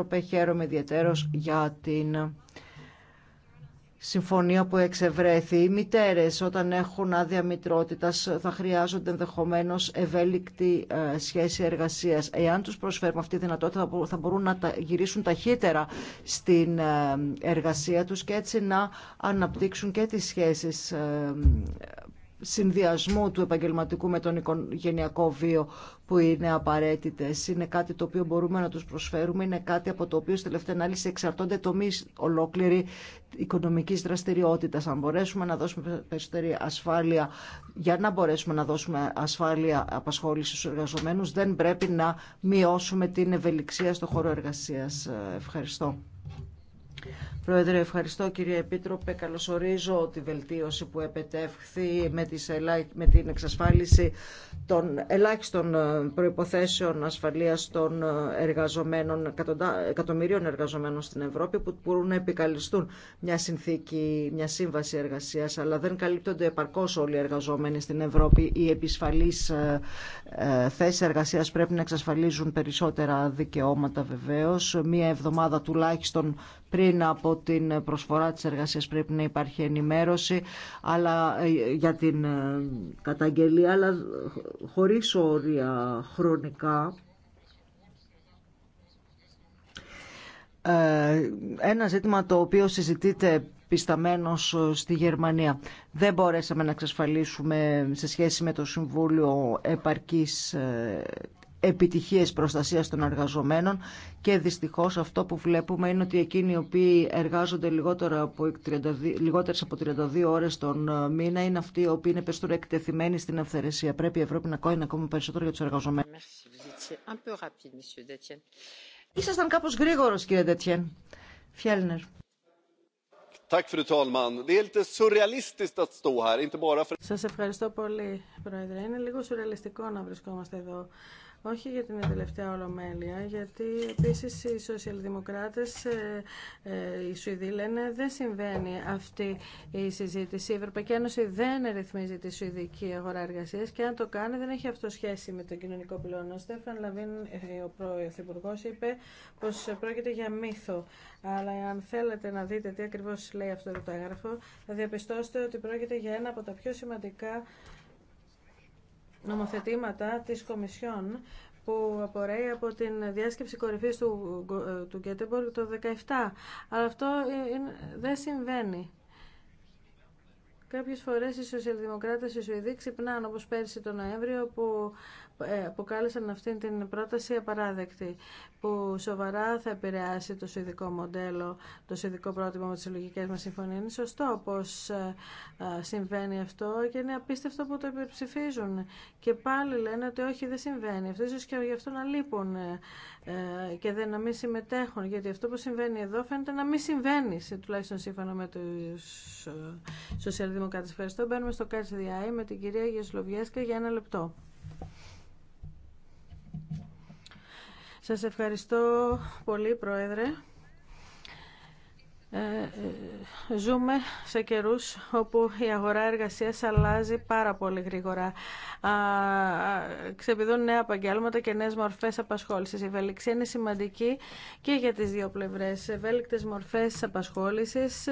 Ευρωπαίοι χαίρομαι ιδιαίτερως για την συμφωνία που εξευρέθη. Οι όταν έχουν άδεια μητρότητα, θα χρειάζονται ενδεχομένω ευέλικτη ε, σχέση εργασία. Εάν του προσφέρουμε αυτή τη δυνατότητα θα μπορούν να τα γυρίσουν ταχύτερα στην ε, εργασία τους και έτσι να αναπτύξουν και τις σχέσεις ε, συνδυασμού του επαγγελματικού με τον οικογενειακό βίο που είναι απαραίτητε. Είναι κάτι το οποίο μπορούμε να του προσφέρουμε, είναι κάτι από το οποίο στη τελευταία ανάλυση εξαρτώνται τομεί ολόκληρη οικονομική δραστηριότητα. Αν μπορέσουμε να δώσουμε περισσότερη ασφάλεια, για να μπορέσουμε να δώσουμε ασφάλεια απασχόληση στου εργαζομένου, δεν πρέπει να μειώσουμε την ευελιξία στον χώρο εργασία. Ευχαριστώ. Πρόεδρε, ευχαριστώ κύριε Επίτροπε. Καλωσορίζω τη βελτίωση που επετεύχθη με, με την εξασφάλιση των ελάχιστων ε, προϋποθέσεων ασφαλείας των ε, εργαζομένων, εκατομμυρίων εργαζομένων στην Ευρώπη που μπορούν να επικαλυστούν μια συνθήκη, μια σύμβαση εργασίας, αλλά δεν καλύπτονται επαρκώς όλοι οι εργαζόμενοι στην Ευρώπη. Οι επισφαλείς ε, θέσεις εργασίας πρέπει να εξασφαλίζουν περισσότερα δικαιώματα βεβαίω, Μια εβδομάδα τουλάχιστον πριν από την προσφορά της εργασίας πρέπει να υπάρχει ενημέρωση αλλά, ε, για την ε, καταγγελία, αλλά χωρίς όρια χρονικά. Ε, ένα ζήτημα το οποίο συζητείται πισταμένος στη Γερμανία. Δεν μπορέσαμε να εξασφαλίσουμε σε σχέση με το Συμβούλιο επαρκής επιτυχίες προστασίας των εργαζομένων και δυστυχώς αυτό που βλέπουμε είναι ότι εκείνοι οι οποίοι εργάζονται λιγότερο από 32, λιγότερες από 32 ώρες τον ε, μήνα είναι αυτοί οι οποίοι είναι περισσότερο εκτεθειμένοι στην αυθαιρεσία. Πρέπει η Ευρώπη να κάνει ακόμα περισσότερο για τους εργαζομένους. Ήσασταν κάπως γρήγορος κύριε Ντετιέν. Φιέλνερ. Σας ευχαριστώ πολύ, Πρόεδρε. Είναι λίγο σουρεαλιστικό να βρισκόμαστε εδώ όχι για την τελευταία ολομέλεια, γιατί επίσης οι σοσιαλδημοκράτες, ε, ε, οι Σουηδοί λένε, δεν συμβαίνει αυτή η συζήτηση. Η Ευρωπαϊκή Ένωση δεν ρυθμίζει τη Σουηδική αγορά εργασία και αν το κάνει δεν έχει αυτό σχέση με τον κοινωνικό πυλώνα. Στέφαν Λαβίν, ε, ο Πρωθυπουργό, είπε πως πρόκειται για μύθο. Αλλά αν θέλετε να δείτε τι ακριβώς λέει αυτό το έγγραφο, θα διαπιστώσετε ότι πρόκειται για ένα από τα πιο σημαντικά νομοθετήματα της Κομισιόν που απορρέει από την διάσκεψη κορυφής του, του το 2017. Αλλά αυτό ε, ε, δεν συμβαίνει. Κάποιες φορές οι σοσιαλδημοκράτες οι Σουηδοί ξυπνάνε όπως πέρσι τον Νοέμβριο που ε, αποκάλεσαν αυτή την πρόταση απαράδεκτη, που σοβαρά θα επηρεάσει το σουηδικό μοντέλο, το σουηδικό πρότυπο με τις συλλογικέ μας συμφωνίες. Είναι σωστό πως ε, ε, συμβαίνει αυτό και είναι απίστευτο που το υπερψηφίζουν. Και πάλι λένε ότι όχι δεν συμβαίνει. Αυτό ίσως και γι' αυτό να λείπουν και δεν, να μην συμμετέχουν, γιατί αυτό που συμβαίνει εδώ φαίνεται να μην συμβαίνει, τουλάχιστον σύμφωνα με τους σοσιαλδημοκράτες. Ευχαριστώ. Μπαίνουμε στο Κάτσι με την κυρία Γεσλοβιέσκα για ένα λεπτό. Σας ευχαριστώ πολύ, Πρόεδρε. Ε, ε, ζούμε σε καιρούς όπου η αγορά εργασίας αλλάζει πάρα πολύ γρήγορα. Α, ξεπηδούν νέα επαγγέλματα και νέες μορφές απασχόλησης. Η ευελιξία είναι σημαντική και για τις δύο πλευρές. Ευέλικτες μορφές απασχόλησης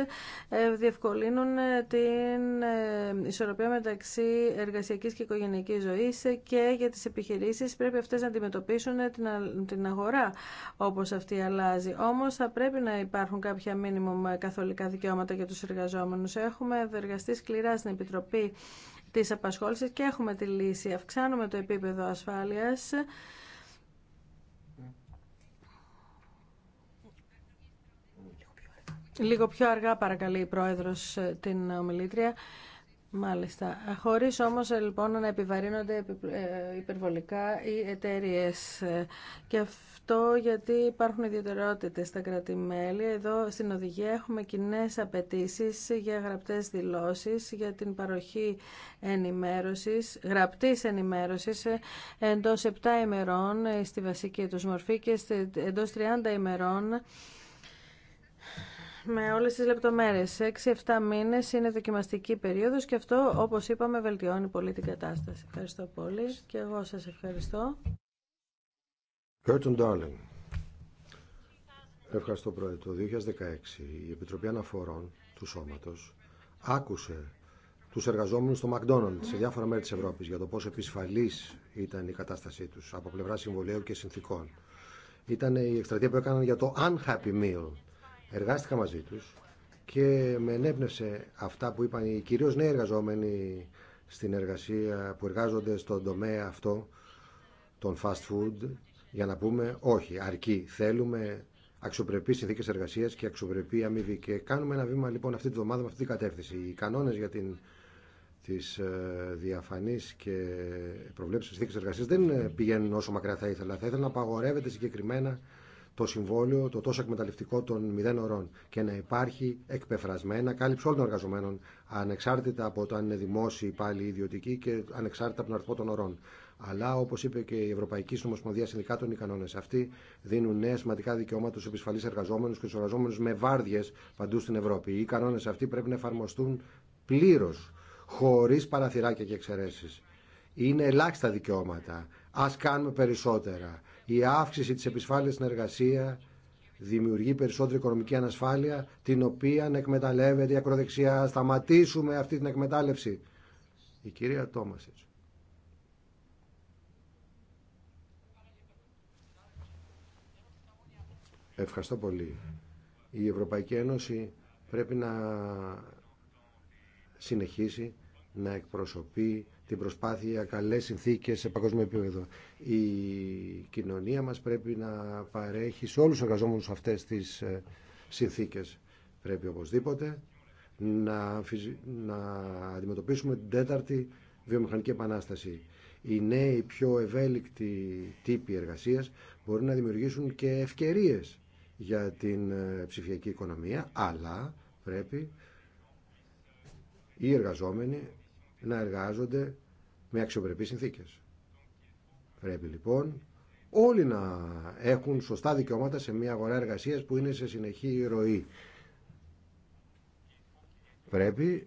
ε, διευκολύνουν την ισορροπία μεταξύ εργασιακής και οικογενειακής ζωής και για τις επιχειρήσεις πρέπει αυτές να αντιμετωπίσουν την αγορά όπως αυτή αλλάζει. Όμως θα πρέπει να υπάρχουν κάποια μήνυμα μίνιμουμ καθολικά δικαιώματα για τους εργαζόμενους. Έχουμε εργαστεί σκληρά στην Επιτροπή της Απασχόλησης και έχουμε τη λύση. Αυξάνουμε το επίπεδο ασφάλειας. Λίγο πιο αργά παρακαλεί η Πρόεδρος ε, την ομιλήτρια. Μάλιστα. Χωρίς όμως ε, λοιπόν να επιβαρύνονται ε, υπερβολικά οι εταιρείε. Και αυτό γιατί υπάρχουν ιδιαιτερότητες στα κρατημέλη. Εδώ στην οδηγία έχουμε κοινέ απαιτήσει για γραπτές δηλώσεις, για την παροχή ενημέρωσης, γραπτής ενημέρωσης ε, εντός 7 ημερών στη βασική τους μορφή και εντός 30 ημερών με όλες τις λεπτομέρειες. 6-7 μήνες είναι δοκιμαστική περίοδος και αυτό, όπως είπαμε, βελτιώνει πολύ την κατάσταση. Ευχαριστώ πολύ και εγώ σας ευχαριστώ. Curtin Darling. Ευχαριστώ, Πρόεδρε. Το 2016 η Επιτροπή Αναφορών του Σώματος άκουσε τους εργαζόμενους στο McDonald's σε διάφορα μέρη της Ευρώπης για το πόσο επισφαλής ήταν η κατάστασή τους από πλευρά συμβολέου και συνθήκων. Ήταν η εκστρατεία που έκαναν για το unhappy meal Εργάστηκα μαζί τους και με ενέπνευσε αυτά που είπαν οι κυρίως νέοι εργαζόμενοι στην εργασία που εργάζονται στον τομέα αυτό των fast food για να πούμε όχι, αρκεί, θέλουμε αξιοπρεπή συνθήκε εργασία και αξιοπρεπή αμοιβή. Και κάνουμε ένα βήμα λοιπόν αυτή τη βδομάδα με αυτή την κατεύθυνση. Οι κανόνε για την τις ε, διαφανείς και προβλέψεις συνθήκες εργασίας δεν ε, πηγαίνουν όσο μακριά θα ήθελα. Θα ήθελα να απαγορεύεται συγκεκριμένα το συμβόλαιο το τόσο εκμεταλλευτικό των μηδέν ωρών και να υπάρχει εκπεφρασμένα κάλυψη όλων των εργαζομένων ανεξάρτητα από το αν είναι δημόσιοι πάλι ιδιωτικοί και ανεξάρτητα από τον αριθμό των ωρών. Αλλά όπω είπε και η Ευρωπαϊκή Συνομοσπονδία Συνδικάτων, οι κανόνε αυτοί δίνουν νέα σημαντικά δικαιώματα στου επισφαλεί εργαζόμενου και στου εργαζόμενου με βάρδιε παντού στην Ευρώπη. Οι κανόνε αυτοί πρέπει να εφαρμοστούν πλήρω, χωρί παραθυράκια και εξαιρέσει. Είναι ελάχιστα δικαιώματα. Α κάνουμε περισσότερα. Η αύξηση της επισφάλειας στην εργασία δημιουργεί περισσότερη οικονομική ανασφάλεια, την οποία εκμεταλλεύεται η ακροδεξιά. Σταματήσουμε αυτή την εκμετάλλευση. Η κυρία Τόμασιτς. Ευχαριστώ πολύ. Η Ευρωπαϊκή Ένωση πρέπει να συνεχίσει να εκπροσωπεί την προσπάθεια καλές συνθήκες σε παγκόσμιο επίπεδο. Η κοινωνία μας πρέπει να παρέχει σε όλους τους εργαζόμενους αυτές τις ε, συνθήκες. Πρέπει οπωσδήποτε να, να αντιμετωπίσουμε την τέταρτη βιομηχανική επανάσταση. Οι νέοι πιο ευέλικτοι τύποι εργασίας μπορεί να δημιουργήσουν και ευκαιρίες για την ε, ψηφιακή οικονομία, αλλά πρέπει οι εργαζόμενοι να εργάζονται με αξιοπρεπείς συνθήκες. Πρέπει λοιπόν όλοι να έχουν σωστά δικαιώματα σε μια αγορά εργασίας που είναι σε συνεχή ροή. Πρέπει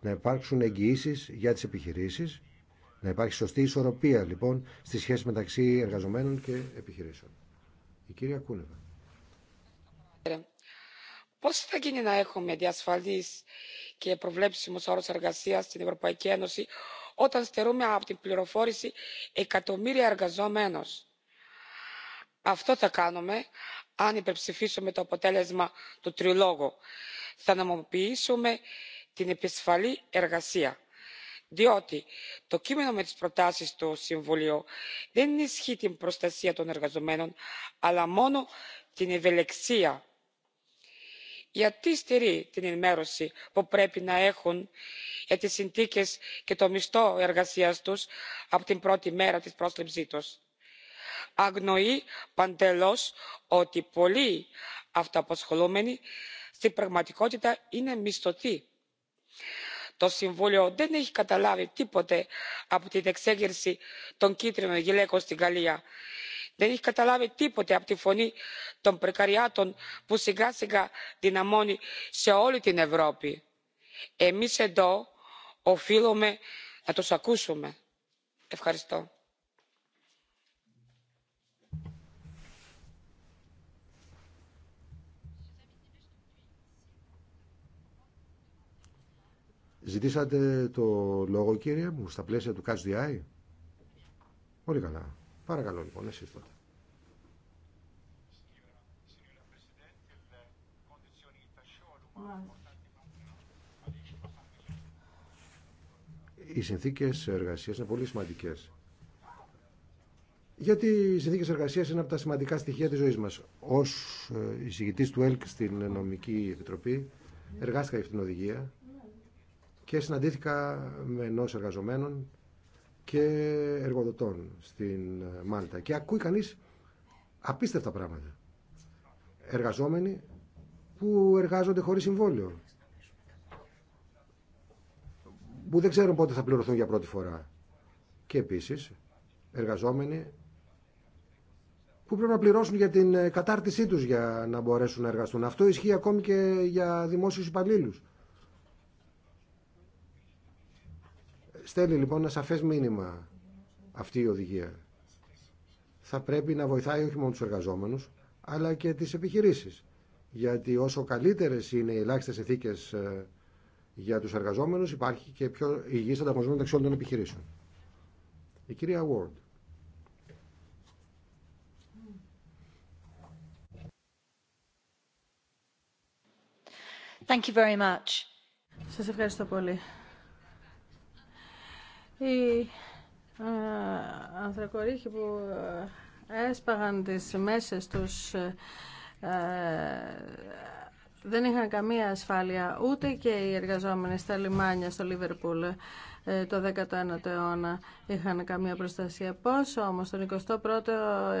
να υπάρξουν εγγυήσει για τις επιχειρήσεις, να υπάρχει σωστή ισορροπία λοιπόν στη σχέση μεταξύ εργαζομένων και επιχειρήσεων. Η κυρία Κούνεβα. Πώς θα γίνει να έχουμε διασφαλής και προβλέψιμο όρο εργασία στην ευρωπαϊκή ένωση όταν στερούμε από την πληροφόρηση εκατομμύρια εργαζομένων. αυτό θα κάνουμε αν υπερψηφίσουμε το αποτέλεσμα του τριλόγου θα νομιμοποιήσουμε την επισφαλή εργασία διότι το κείμενο με τις προτάσεις του συμβουλίου δεν ενισχύει την προστασία των εργαζομένων αλλά μόνο την ευελιξία γιατί στηρεί την ενημέρωση που πρέπει να έχουν για τις συνθήκες και το μισθό εργασίας τους από την πρώτη μέρα της πρόσληψής τους. αγνοεί παντελώς ότι πολλοί αυτοαπασχολούμενοι στην πραγματικότητα είναι μισθωτοί. το συμβούλιο δεν έχει καταλάβει τίποτε από την εξέγερση των κίτρινων γυλαίκων στην γαλλία δεν έχει καταλάβει τίποτε από τη φωνή των πρεκαριάτων που σιγά σιγά δυναμώνει σε όλη την ευρώπη. εμείς εδώ οφείλουμε να τους ακούσουμε. ευχαριστώ. Ζητήσατε το λόγο κύριε μου στα πλαίσια του Catch Πολύ καλά. Παρακαλώ λοιπόν, Εσύ τότε. Οι συνθήκε εργασία είναι πολύ σημαντικέ. Γιατί οι συνθήκε εργασία είναι από τα σημαντικά στοιχεία τη ζωή μα. Ω ε, εισηγητή του ΕΛΚ στην Νομική Επιτροπή, εργάστηκα για αυτήν την οδηγία και συναντήθηκα με ενό εργαζομένων και εργοδοτών στην ε, Μάλτα. Και ακούει κανείς απίστευτα πράγματα. Εργαζόμενοι που εργάζονται χωρίς συμβόλαιο. Που δεν ξέρουν πότε θα πληρωθούν για πρώτη φορά. Και επίσης εργαζόμενοι που πρέπει να πληρώσουν για την ε, κατάρτισή τους για να μπορέσουν να εργαστούν. Αυτό ισχύει ακόμη και για δημόσιους υπαλλήλους. Στέλνει λοιπόν ένα σαφές μήνυμα αυτή η οδηγία. Θα πρέπει να βοηθάει όχι μόνο τους εργαζόμενους, αλλά και τις επιχειρήσεις. Γιατί όσο καλύτερες είναι οι ελάχιστε ηθίκε ε, για τους εργαζόμενους, υπάρχει και πιο υγιής ανταγωνισμό μεταξύ όλων των επιχειρήσεων. Η κυρία Ward. Thank you very much. Σας ευχαριστώ πολύ. Οι ε, ανθρακορίχοι που ε, έσπαγαν τις μέσες τους ε, δεν είχαν καμία ασφάλεια ούτε και οι εργαζόμενοι στα λιμάνια στο Λίβερπουλ το 19ο αιώνα είχαν καμία προστασία. Πώς όμως τον 21ο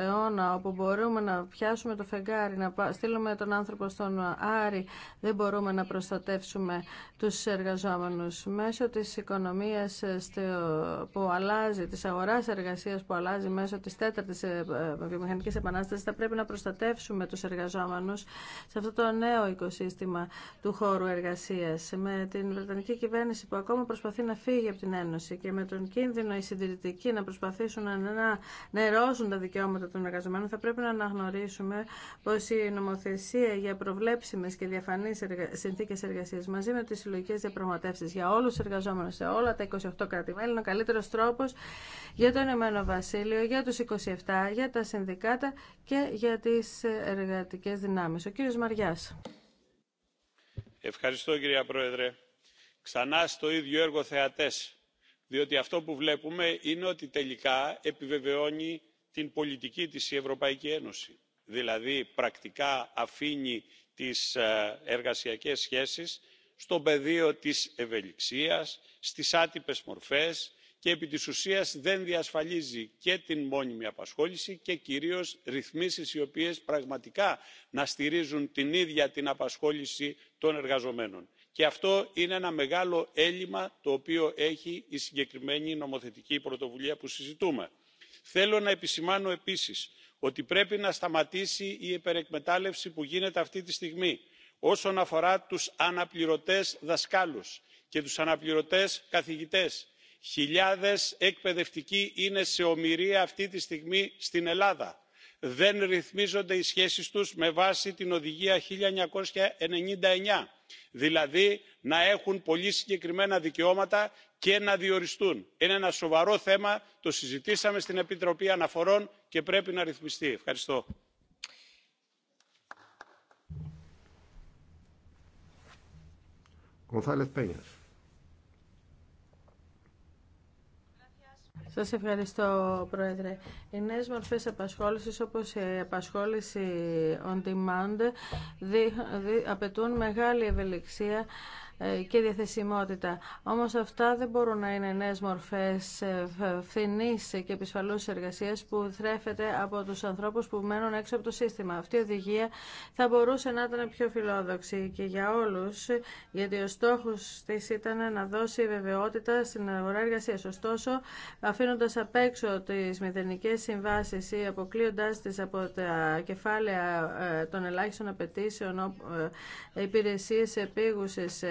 αιώνα όπου μπορούμε να πιάσουμε το φεγγάρι, να στείλουμε τον άνθρωπο στον Άρη, δεν μπορούμε να προστατεύσουμε τους εργαζόμενους. Μέσω της οικονομίας ε, που αλλάζει, της αγοράς εργασίας που αλλάζει μέσω της τέταρτης ε, ε, βιομηχανικής επανάστασης, θα πρέπει να προστατεύσουμε τους εργαζόμενους σε αυτό το νέο οικοσύστημα του χώρου εργασίας. Με την Βρετανική κυβέρνηση που ακόμα προσπαθεί να φύγει από την Ένωση και με τον κίνδυνο οι συντηρητικοί να προσπαθήσουν να νερώσουν τα δικαιώματα των εργαζομένων, θα πρέπει να αναγνωρίσουμε πω η νομοθεσία για προβλέψιμε και διαφανεί συνθήκε εργασία μαζί με τι συλλογικέ διαπραγματεύσει για όλου του εργαζόμενου σε όλα τα 28 κράτη-μέλη είναι ο καλύτερο τρόπο για το Ενωμένο Βασίλειο, για του 27, για τα συνδικάτα και για τι εργατικέ δυνάμει. Ο κύριο Μαριά. Ευχαριστώ, κυρία Πρόεδρε ξανά στο ίδιο έργο θεατές διότι αυτό που βλέπουμε είναι ότι τελικά επιβεβαιώνει την πολιτική της η ευρωπαϊκή ένωση δηλαδή πρακτικά αφήνει τις ε, εργασιακές σχέσεις στο πεδίο της ευελιξίας στις άτυπες μορφές και επί της ουσίας δεν διασφαλίζει και την μόνιμη απασχόληση και κυρίως ρυθμίσεις οι οποίες πραγματικά να στηρίζουν την ίδια την απασχόληση των εργαζομένων και αυτό είναι ένα μεγάλο έλλειμμα το οποίο έχει η συγκεκριμένη νομοθετική πρωτοβουλία που συζητούμε. θέλω να επισημάνω επίσης ότι πρέπει να σταματήσει η υπερεκμετάλλευση που γίνεται αυτή τη στιγμή όσον αφορά τους αναπληρωτές δασκάλους και τους αναπληρωτές καθηγητές. χιλιάδες εκπαιδευτικοί είναι σε ομοιρία αυτή τη στιγμή στην ελλάδα δεν ρυθμίζονται οι σχέσεις τους με βάση την οδηγία 1999 δηλαδή να έχουν πολύ συγκεκριμένα δικαιώματα και να διοριστούν. Είναι ένα σοβαρό θέμα, το συζητήσαμε στην Επιτροπή Αναφορών και πρέπει να ρυθμιστεί. Ευχαριστώ. Σας ευχαριστώ, Πρόεδρε. Οι νέες μορφές απασχόλησης, όπως η απασχόληση on demand, απαιτούν μεγάλη ευελιξία ε, και διαθεσιμότητα. Όμως αυτά δεν μπορούν να είναι νέες μορφές ε, φθηνής και επισφαλούς εργασίας που θρέφεται από τους ανθρώπους που μένουν έξω από το σύστημα. Αυτή η οδηγία θα μπορούσε να ήταν πιο φιλόδοξη και για όλους, γιατί ο στόχος της ήταν να δώσει βεβαιότητα στην αγορά εργασίας. Ωστόσο, αφήνοντας απ' έξω τις μηδενικές συμβάσεις ή αποκλείοντάς τις από τα κεφάλαια ε, των ελάχιστων απαιτήσεων υπηρεσίες επίγουσες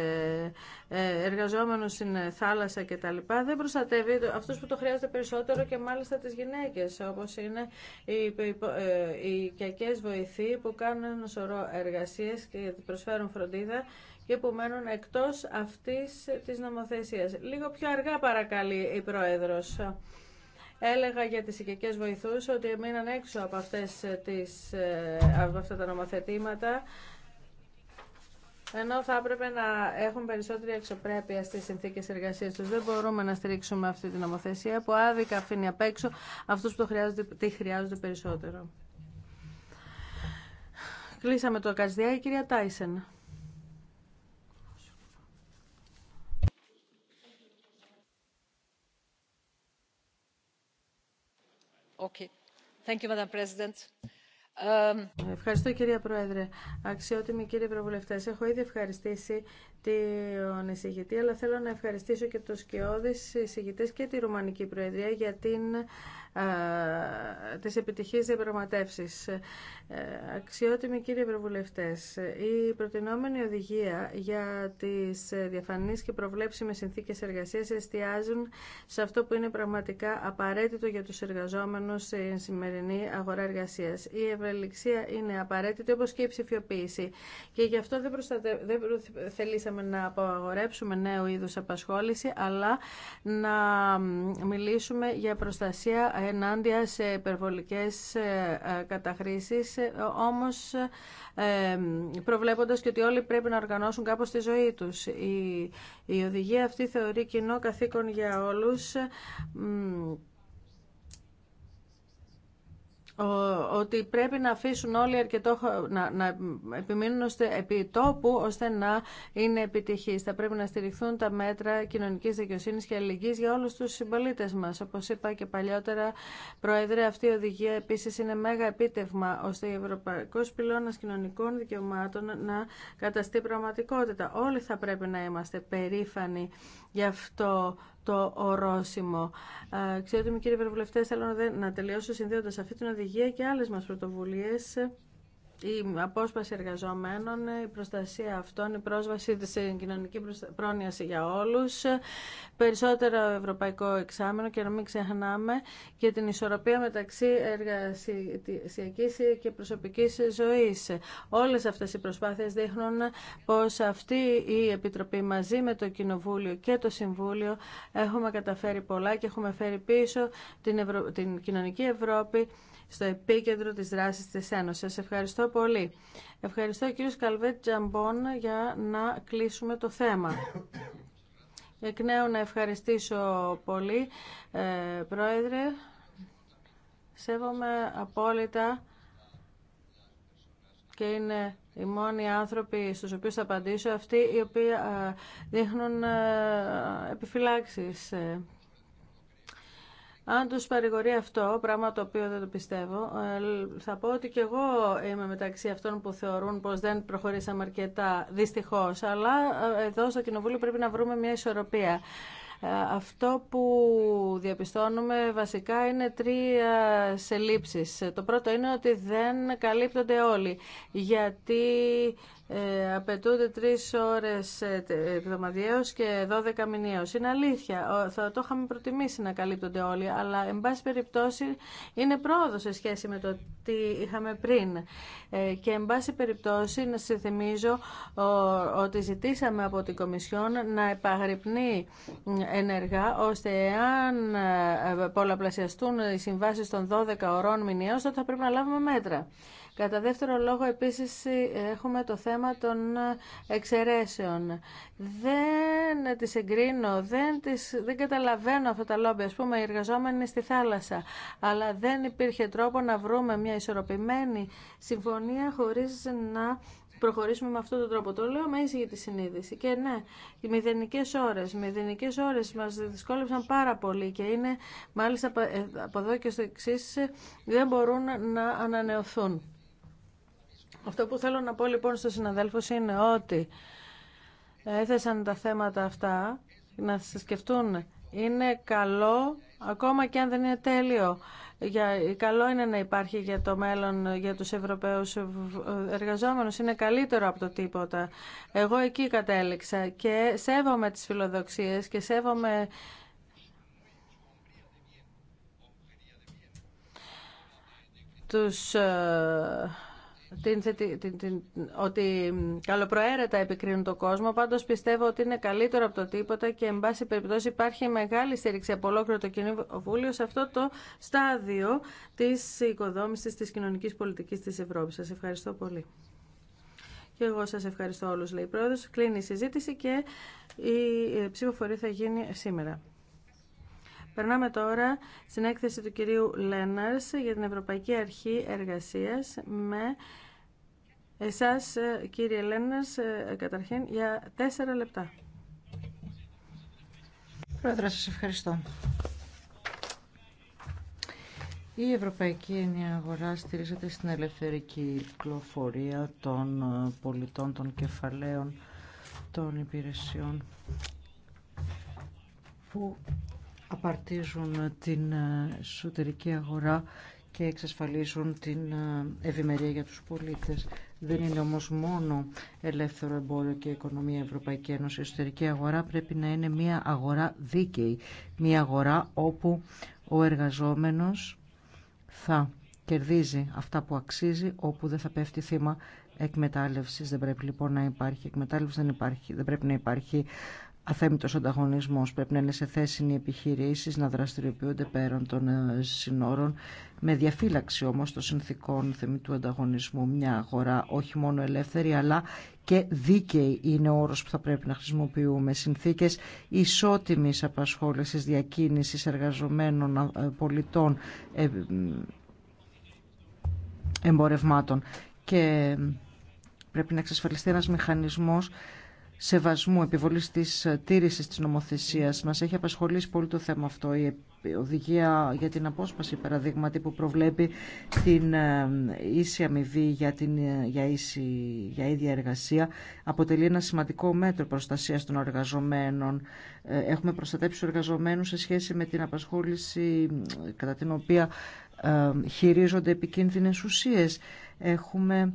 εργαζόμενους στην θάλασσα κτλ. Δεν προστατεύει αυτούς που το χρειάζεται περισσότερο και μάλιστα τις γυναίκες, όπως είναι ε, οι οικιακές βοηθοί που κάνουν ένα σωρό εργασίες και προσφέρουν φροντίδα και που μένουν εκτός αυτής της νομοθεσίας. Λίγο πιο αργά παρακαλεί η Πρόεδρος. Έλεγα για τις οικιακές βοηθούς ότι μείναν έξω από, αυτές τις, ε, αυτά τα νομοθετήματα ενώ θα έπρεπε να έχουν περισσότερη αξιοπρέπεια στι συνθήκε εργασία του. Δεν μπορούμε να στηρίξουμε αυτή την νομοθεσία που άδικα αφήνει απ' έξω αυτούς που το χρειάζονται, τη χρειάζονται περισσότερο. Κλείσαμε το καρδιά. η κυρία Τάισεν. Okay. Thank you, Madam President. Ευχαριστώ κυρία Πρόεδρε. Αξιότιμοι κύριοι Ευρωβουλευτέ, έχω ήδη ευχαριστήσει τον εισηγητή, αλλά θέλω να ευχαριστήσω και τους σκιώδεις εισηγητές και τη Ρουμανική Προεδρία για την, τις επιτυχίες διαπραγματεύσεις. Ε, αξιότιμοι κύριοι Ευρωβουλευτές, η προτινόμενη οδηγία για τις διαφανείς και προβλέψιμες συνθήκες εργασίας εστιάζουν σε αυτό που είναι πραγματικά απαραίτητο για τους εργαζόμενους στην σημερινή αγορά εργασίας. Η ευελιξία είναι απαραίτητη όπως και η ψηφιοποίηση και γι' αυτό δεν, προστατε... δεν με να απαγορέψουμε νέου είδους απασχόληση, αλλά να μιλήσουμε για προστασία ενάντια σε υπερβολικές ε, ε, καταχρήσεις, ε, όμως προβλέποντας και ότι όλοι πρέπει να οργανώσουν κάπως τη ζωή τους. Η, η οδηγία αυτή θεωρεί κοινό καθήκον για όλους ότι πρέπει να αφήσουν όλοι αρκετό να, να επιμείνουν ώστε, επί τόπου ώστε να είναι επιτυχή. Θα πρέπει να στηριχθούν τα μέτρα κοινωνικής δικαιοσύνης και αλληλεγγύη για όλους τους συμπολίτε μας. Όπω είπα και παλιότερα, Πρόεδρε, αυτή η οδηγία επίσης είναι μέγα επίτευγμα ώστε η Ευρωπαϊκός Πυλώνας Κοινωνικών Δικαιωμάτων να καταστεί πραγματικότητα. Όλοι θα πρέπει να είμαστε περήφανοι γι' αυτό το ορόσημο. Ε, ξέρετε, κύριε Ευρωβουλευτέ, θέλω να τελειώσω συνδέοντα αυτή την οδηγία και άλλε μα πρωτοβουλίε η απόσπαση εργαζομένων, η προστασία αυτών, η πρόσβαση στην κοινωνική πρόνοιαση για όλους, περισσότερο ευρωπαϊκό εξάμενο και να μην ξεχνάμε και την ισορροπία μεταξύ εργασιακής και προσωπικής ζωής. Όλες αυτές οι προσπάθειες δείχνουν πως αυτή η Επιτροπή μαζί με το Κοινοβούλιο και το Συμβούλιο έχουμε καταφέρει πολλά και έχουμε φέρει πίσω την, την κοινωνική Ευρώπη στο επίκεντρο της δράσης της Ένωσης. ευχαριστώ πολύ. Ευχαριστώ κύριο Καλβέτ Τζαμπόν για να κλείσουμε το θέμα. Εκ νέου να ευχαριστήσω πολύ, ε, Πρόεδρε. Σέβομαι απόλυτα και είναι οι μόνοι άνθρωποι στους οποίους θα απαντήσω αυτοί οι οποίοι ε, δείχνουν ε, επιφυλάξεις ε, αν τους παρηγορεί αυτό, πράγμα το οποίο δεν το πιστεύω, ε, θα πω ότι και εγώ είμαι μεταξύ αυτών που θεωρούν πως δεν προχωρήσαμε αρκετά, δυστυχώς. Αλλά ε, εδώ στο Κοινοβούλιο πρέπει να βρούμε μια ισορροπία. Ε, αυτό που διαπιστώνουμε βασικά είναι τρία σελήψεις. Το πρώτο είναι ότι δεν καλύπτονται όλοι, γιατί ε, απαιτούνται 3 ώρε ε, εβδομαδιαίω και 12 μηνιαίω. Είναι αλήθεια, θα το είχαμε προτιμήσει να καλύπτονται όλοι, αλλά εν πάση περιπτώσει είναι πρόοδο σε σχέση με το τι είχαμε πριν. Ε, και εν πάση περιπτώσει να σα θυμίζω ότι ζητήσαμε από την Κομισιόν να επαγρυπνεί ενεργά, ώστε εάν ε, πολλαπλασιαστούν οι συμβάσει των 12 ωρών μηνιαίω, τότε θα πρέπει να λάβουμε μέτρα. Κατά δεύτερο λόγο, επίσης, έχουμε το θέμα των εξαιρέσεων. Δεν τις εγκρίνω, δεν, τις, δεν καταλαβαίνω αυτά τα λόμπια. Ας πούμε, οι εργαζόμενοι στη θάλασσα. Αλλά δεν υπήρχε τρόπο να βρούμε μια ισορροπημένη συμφωνία χωρίς να προχωρήσουμε με αυτόν τον τρόπο. Το λέω με για τη συνείδηση. Και ναι, οι μηδενικέ ώρε. Οι μηδενικέ ώρε μα δυσκόλεψαν πάρα πολύ και είναι μάλιστα από εδώ και στο εξή δεν μπορούν να ανανεωθούν. Αυτό που θέλω να πω λοιπόν στους συναδέλφους είναι ότι έθεσαν τα θέματα αυτά να σε σκεφτούν. Είναι καλό, ακόμα και αν δεν είναι τέλειο, για, καλό είναι να υπάρχει για το μέλλον για τους Ευρωπαίους εργαζόμενους. Είναι καλύτερο από το τίποτα. Εγώ εκεί κατέληξα και σέβομαι τις φιλοδοξίες και σέβομαι τους ε, ότι καλοπροαίρετα επικρίνουν τον κόσμο. Πάντω πιστεύω ότι είναι καλύτερο από το τίποτα και, εν πάση περιπτώσει, υπάρχει μεγάλη στήριξη από ολόκληρο το Κοινοβούλιο σε αυτό το στάδιο τη οικοδόμηση τη κοινωνική πολιτική τη Ευρώπη. Σα ευχαριστώ πολύ. Και εγώ σας ευχαριστώ όλους, λέει η Πρόεδρος. Κλείνει η συζήτηση και η ψηφοφορία θα γίνει σήμερα. Περνάμε τώρα στην έκθεση του κυρίου Λέναρς για την Ευρωπαϊκή Αρχή Εργασίας με εσάς κύριε Λέναρς καταρχήν για τέσσερα λεπτά. Πρόεδρε, σας ευχαριστώ. Η Ευρωπαϊκή Ενία Αγορά στηρίζεται στην ελευθερική κυκλοφορία των πολιτών, των κεφαλαίων, των υπηρεσιών απαρτίζουν την ε, εσωτερική αγορά και εξασφαλίζουν την ε, ευημερία για τους πολίτες. Δεν είναι όμως μόνο ελεύθερο εμπόριο και οικονομία Ευρωπαϊκή Ένωση. Η εσωτερική αγορά πρέπει να είναι μια αγορά δίκαιη. Μια αγορά όπου ο εργαζόμενος θα κερδίζει αυτά που αξίζει, όπου δεν θα πέφτει θύμα εκμετάλλευσης. Δεν πρέπει λοιπόν να υπάρχει εκμετάλλευση, δεν, δεν πρέπει να υπάρχει αθέμητος ανταγωνισμός. Πρέπει να είναι σε θέση οι επιχειρήσεις να δραστηριοποιούνται πέραν των ε, συνόρων με διαφύλαξη όμως των συνθήκων θεμητού ανταγωνισμού. Μια αγορά όχι μόνο ελεύθερη αλλά και δίκαιη είναι ο όρος που θα πρέπει να χρησιμοποιούμε. Συνθήκες ισότιμης απασχόλησης, διακίνησης εργαζομένων ε, πολιτών, ε, εμπορευμάτων και πρέπει να εξασφαλιστεί ένας μηχανισμός σεβασμού, επιβολής της ε, τήρησης της νομοθεσίας. Μας έχει απασχολήσει πολύ το θέμα αυτό. Η οδηγία για την απόσπαση, παραδείγματι, που προβλέπει την ε, ίση αμοιβή για, την, ε, για, ίση, για ίδια εργασία, αποτελεί ένα σημαντικό μέτρο προστασίας των εργαζομένων. Έχουμε προστατέψει τους εργαζομένους σε σχέση με την απασχόληση κατά την οποία χειρίζονται επικίνδυνες ουσίες. Έχουμε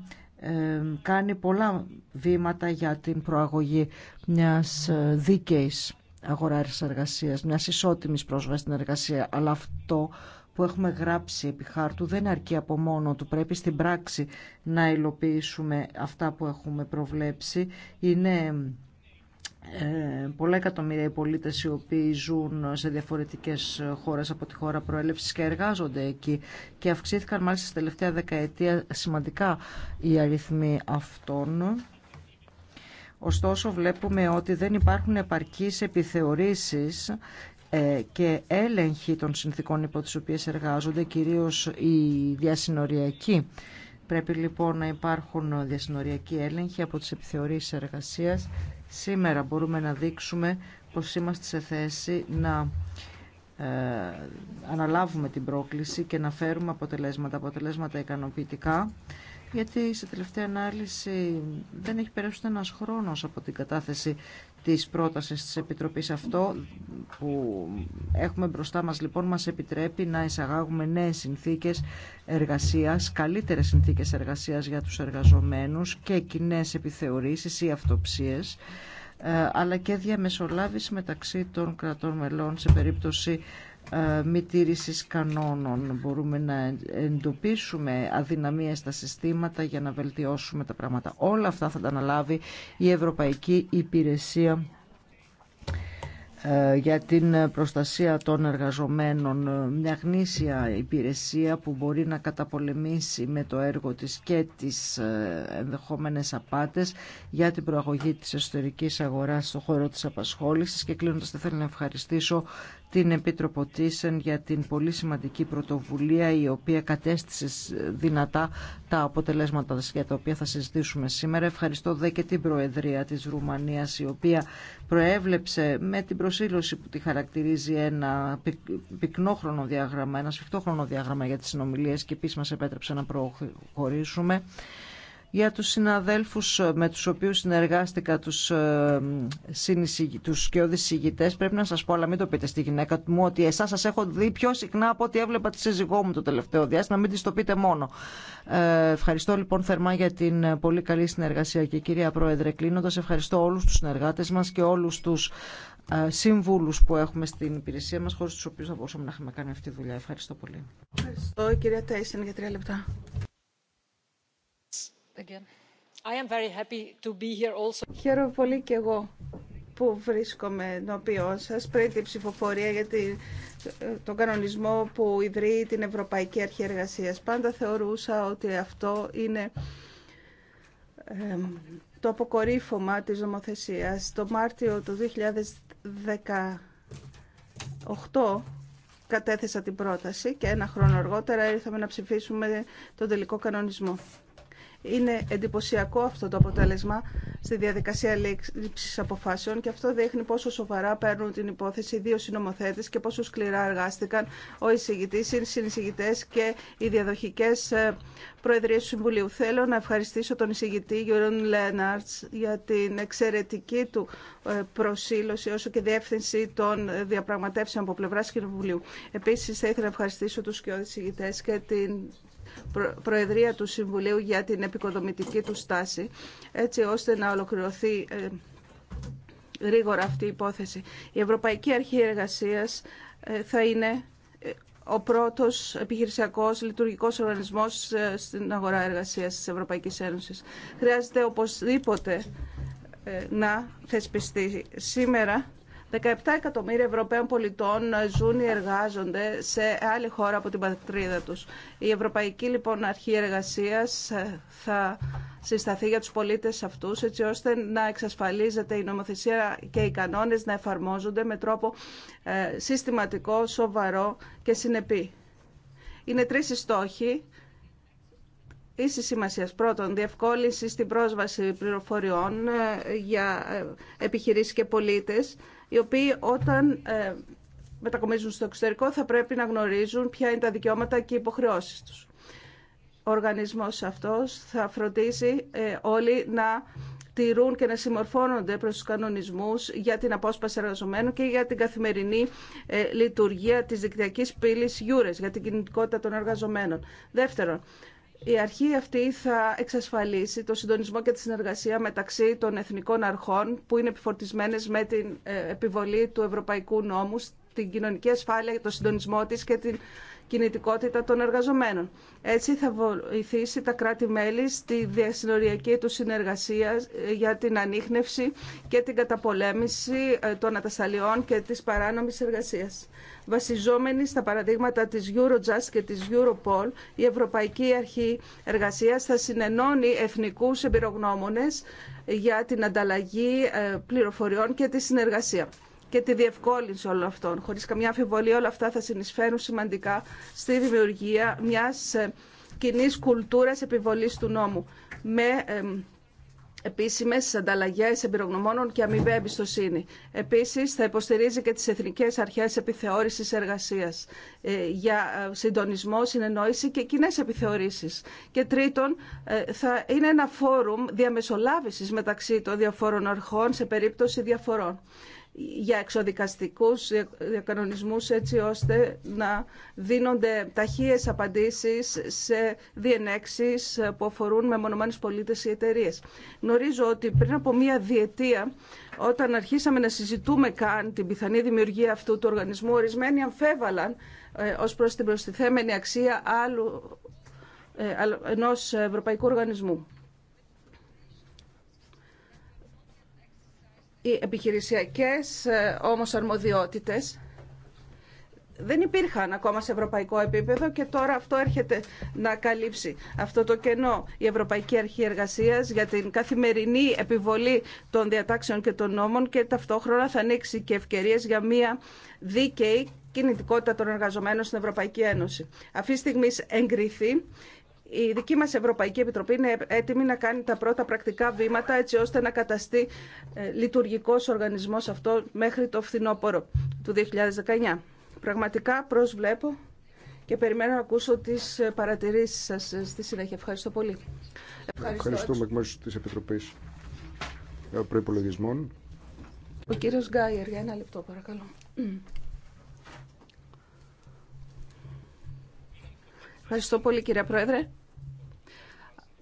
κάνει πολλά βήματα για την προαγωγή μιας ε, δίκαιης αγοράρης εργασίας, μιας ισότιμης πρόσβασης στην εργασία. Αλλά αυτό που έχουμε γράψει επί χάρτου δεν αρκεί από μόνο του. Πρέπει στην πράξη να υλοποιήσουμε αυτά που έχουμε προβλέψει. Είναι ε, πολλά εκατομμύρια οι πολίτες οι οποίοι ζουν σε διαφορετικές χώρες από τη χώρα προέλευσης και εργάζονται εκεί και αυξήθηκαν μάλιστα στα τελευταία δεκαετία σημαντικά οι αριθμοί αυτών. Ωστόσο βλέπουμε ότι δεν υπάρχουν επαρκείς επιθεωρήσεις ε, και έλεγχοι των συνθήκων υπό τις οποίες εργάζονται, κυρίως οι διασυνοριακοί. Πρέπει λοιπόν να υπάρχουν διασυνοριακοί έλεγχοι από τις επιθεωρήσεις εργασίας Σήμερα μπορούμε να δείξουμε πως είμαστε σε θέση να ε, αναλάβουμε την πρόκληση και να φέρουμε αποτελέσματα, αποτελέσματα ικανοποιητικά γιατί σε τελευταία ανάλυση δεν έχει περάσει ένας χρόνος από την κατάθεση της πρότασης της Επιτροπής αυτό που έχουμε μπροστά μας λοιπόν μας επιτρέπει να εισαγάγουμε νέες συνθήκες εργασίας, καλύτερες συνθήκες εργασίας για τους εργαζομένους και κοινέ επιθεωρήσεις ή αυτοψίες ε, αλλά και διαμεσολάβηση μεταξύ των κρατών μελών σε περίπτωση ε, μη τήρησης κανόνων. Μπορούμε να εντοπίσουμε αδυναμίες στα συστήματα για να βελτιώσουμε τα πράγματα. Όλα αυτά θα τα αναλάβει η Ευρωπαϊκή Υπηρεσία ε, για την προστασία των εργαζομένων μια γνήσια υπηρεσία που μπορεί να καταπολεμήσει με το έργο της και τις ε, ενδεχόμενες απάτες για την προαγωγή της εσωτερικής αγοράς στον χώρο της απασχόλησης και κλείνοντας θα θέλω να ευχαριστήσω την Επίτροπο Τίσεν για την πολύ σημαντική πρωτοβουλία η οποία κατέστησε δυνατά τα αποτελέσματα για τα οποία θα συζητήσουμε σήμερα. Ευχαριστώ δε και την Προεδρία της Ρουμανίας η οποία προέβλεψε με την προσήλωση που τη χαρακτηρίζει ένα πυκνό χρονοδιάγραμμα, ένα σφιχτό χρονοδιάγραμμα για τις συνομιλίες και επίσης μας επέτρεψε να προχωρήσουμε για τους συναδέλφους ε, με τους οποίους συνεργάστηκα τους, ε, τους και πρέπει να σας πω αλλά μην το πείτε στη γυναίκα μου ότι εσάς σας έχω δει πιο συχνά από ό,τι έβλεπα τη σύζυγό μου το τελευταίο διάστημα μην τη το πείτε μόνο ε, ευχαριστώ λοιπόν θερμά για την ε, πολύ καλή συνεργασία και κυρία Πρόεδρε κλείνοντα, ευχαριστώ όλους τους συνεργάτες μας και όλους τους ε, Σύμβουλους που έχουμε στην υπηρεσία μας, χωρίς τους οποίους θα μπορούσαμε να έχουμε κάνει αυτή τη δουλειά. Ευχαριστώ πολύ. Ευχαριστώ κυρία Τέισεν για τρία λεπτά. Χαίρομαι πολύ και εγώ που βρίσκομαι ενώπιον σα πριν την ψηφοφορία για τον κανονισμό που ιδρύει την Ευρωπαϊκή Αρχή Εργασία. Πάντα θεωρούσα ότι αυτό είναι το αποκορύφωμα της νομοθεσίας. Το Μάρτιο του 2018 κατέθεσα την πρόταση και ένα χρόνο αργότερα ήρθαμε να ψηφίσουμε τον τελικό κανονισμό. Είναι εντυπωσιακό αυτό το αποτέλεσμα στη διαδικασία λήψη αποφάσεων και αυτό δείχνει πόσο σοβαρά παίρνουν την υπόθεση οι δύο συνομοθέτε και πόσο σκληρά εργάστηκαν ο εισηγητή, οι συνεισηγητέ και οι διαδοχικέ ε, προεδρίε του Συμβουλίου. Θέλω να ευχαριστήσω τον εισηγητή Γιώργον Λέναρτ για την εξαιρετική του ε, προσήλωση όσο και διεύθυνση των διαπραγματεύσεων από πλευρά Κοινοβουλίου. Επίση, θα ήθελα να ευχαριστήσω του και και την Προεδρία του Συμβουλίου για την επικοδομητική του στάση, έτσι ώστε να ολοκληρωθεί ε, γρήγορα αυτή η υπόθεση. Η Ευρωπαϊκή Αρχή Εργασίας ε, θα είναι ε, ο πρώτος επιχειρησιακός λειτουργικός οργανισμός στην αγορά εργασίας της Ευρωπαϊκής Ένωσης. Χρειάζεται οπωσδήποτε να θεσπιστεί σήμερα 17 εκατομμύρια Ευρωπαίων πολιτών ζουν ή εργάζονται σε άλλη χώρα από την πατρίδα τους. Η Ευρωπαϊκή λοιπόν Αρχή Εργασίας ε, θα συσταθεί για τους πολίτες αυτούς έτσι ώστε να εξασφαλίζεται η νομοθεσία και οι κανόνες να εφαρμόζονται με τρόπο ε, συστηματικό, σοβαρό και συνεπή. Είναι τρεις οι στόχοι ίση σημασία. Πρώτον, διευκόλυνση στην πρόσβαση πληροφοριών ε, για επιχειρήσει και πολίτε οι οποίοι όταν ε, μετακομίζουν στο εξωτερικό θα πρέπει να γνωρίζουν ποια είναι τα δικαιώματα και οι υποχρεώσεις τους. Ο οργανισμός αυτός θα φροντίζει ε, όλοι να τηρούν και να συμμορφώνονται προς τους κανονισμούς για την απόσπαση εργαζομένων και για την καθημερινή ε, λειτουργία της δικτυακής πύλης Γιούρες, για την κινητικότητα των εργαζομένων. Δεύτερον, η αρχή αυτή θα εξασφαλίσει το συντονισμό και τη συνεργασία μεταξύ των εθνικών αρχών που είναι επιφορτισμένες με την ε, επιβολή του Ευρωπαϊκού Νόμου την κοινωνική ασφάλεια, το συντονισμό της και την κινητικότητα των εργαζομένων. Έτσι θα βοηθήσει τα κράτη-μέλη στη διασυνοριακή του συνεργασία ε, για την ανείχνευση και την καταπολέμηση ε, των ατασταλιών και της παράνομης εργασίας. Βασιζόμενοι στα παραδείγματα της Eurojust και της Europol, η Ευρωπαϊκή Αρχή Εργασίας θα συνενώνει εθνικούς εμπειρογνώμονες για την ανταλλαγή ε, πληροφοριών και τη συνεργασία και τη διευκόλυνση όλων αυτών. χωρί καμιά αμφιβολία όλα αυτά θα συνεισφέρουν σημαντικά στη δημιουργία μια ε, κοινή κουλτούρα επιβολή του νόμου με επίσημε ανταλλαγέ εμπειρογνωμόνων και αμοιβή εμπιστοσύνη. Επίση, θα υποστηρίζει και τι εθνικέ αρχέ επιθεώρηση εργασία ε, για ε, συντονισμό, συνεννόηση και κοινέ επιθεωρήσει. Και τρίτον, θα είναι ένα φόρουμ διαμεσολάβηση μεταξύ των διαφόρων αρχών σε περίπτωση διαφορών για εξοδικαστικούς διακανονισμούς έτσι ώστε να δίνονται ταχείες απαντήσεις σε διενέξεις που αφορούν με μεμονωμένους πολίτες ή εταιρείε. Γνωρίζω ότι πριν από μία διετία όταν αρχίσαμε να συζητούμε καν την πιθανή δημιουργία αυτού του οργανισμού ορισμένοι αμφέβαλαν ε, ως προς την προστιθέμενη αξία άλλου ε, ενός ευρωπαϊκού οργανισμού. οι επιχειρησιακές ε, όμως αρμοδιότητες δεν υπήρχαν ακόμα σε ευρωπαϊκό επίπεδο και τώρα αυτό έρχεται να καλύψει αυτό το κενό. Η Ευρωπαϊκή Αρχή Εργασίας για την καθημερινή επιβολή των διατάξεων και των νόμων και ταυτόχρονα θα ανοίξει και ευκαιρίες για μια δίκαιη κινητικότητα των εργαζομένων στην Ευρωπαϊκή Ένωση. Αυτή τη στιγμή εγκριθεί η δική μας Ευρωπαϊκή Επιτροπή είναι έτοιμη να κάνει τα πρώτα πρακτικά βήματα έτσι ώστε να καταστεί ε, λειτουργικός οργανισμός αυτό μέχρι το φθινόπωρο του 2019. Πραγματικά προσβλέπω και περιμένω να ακούσω τις ε, παρατηρήσεις σας ε, στη συνέχεια. Ευχαριστώ πολύ. Ευχαριστώ. Ευχαριστούμε εκ μέρους της Επιτροπής Προϋπολογισμών. Ο κύριος Γκάιερ, για ένα λεπτό παρακαλώ. Ευχαριστώ πολύ κύριε Πρόεδρε.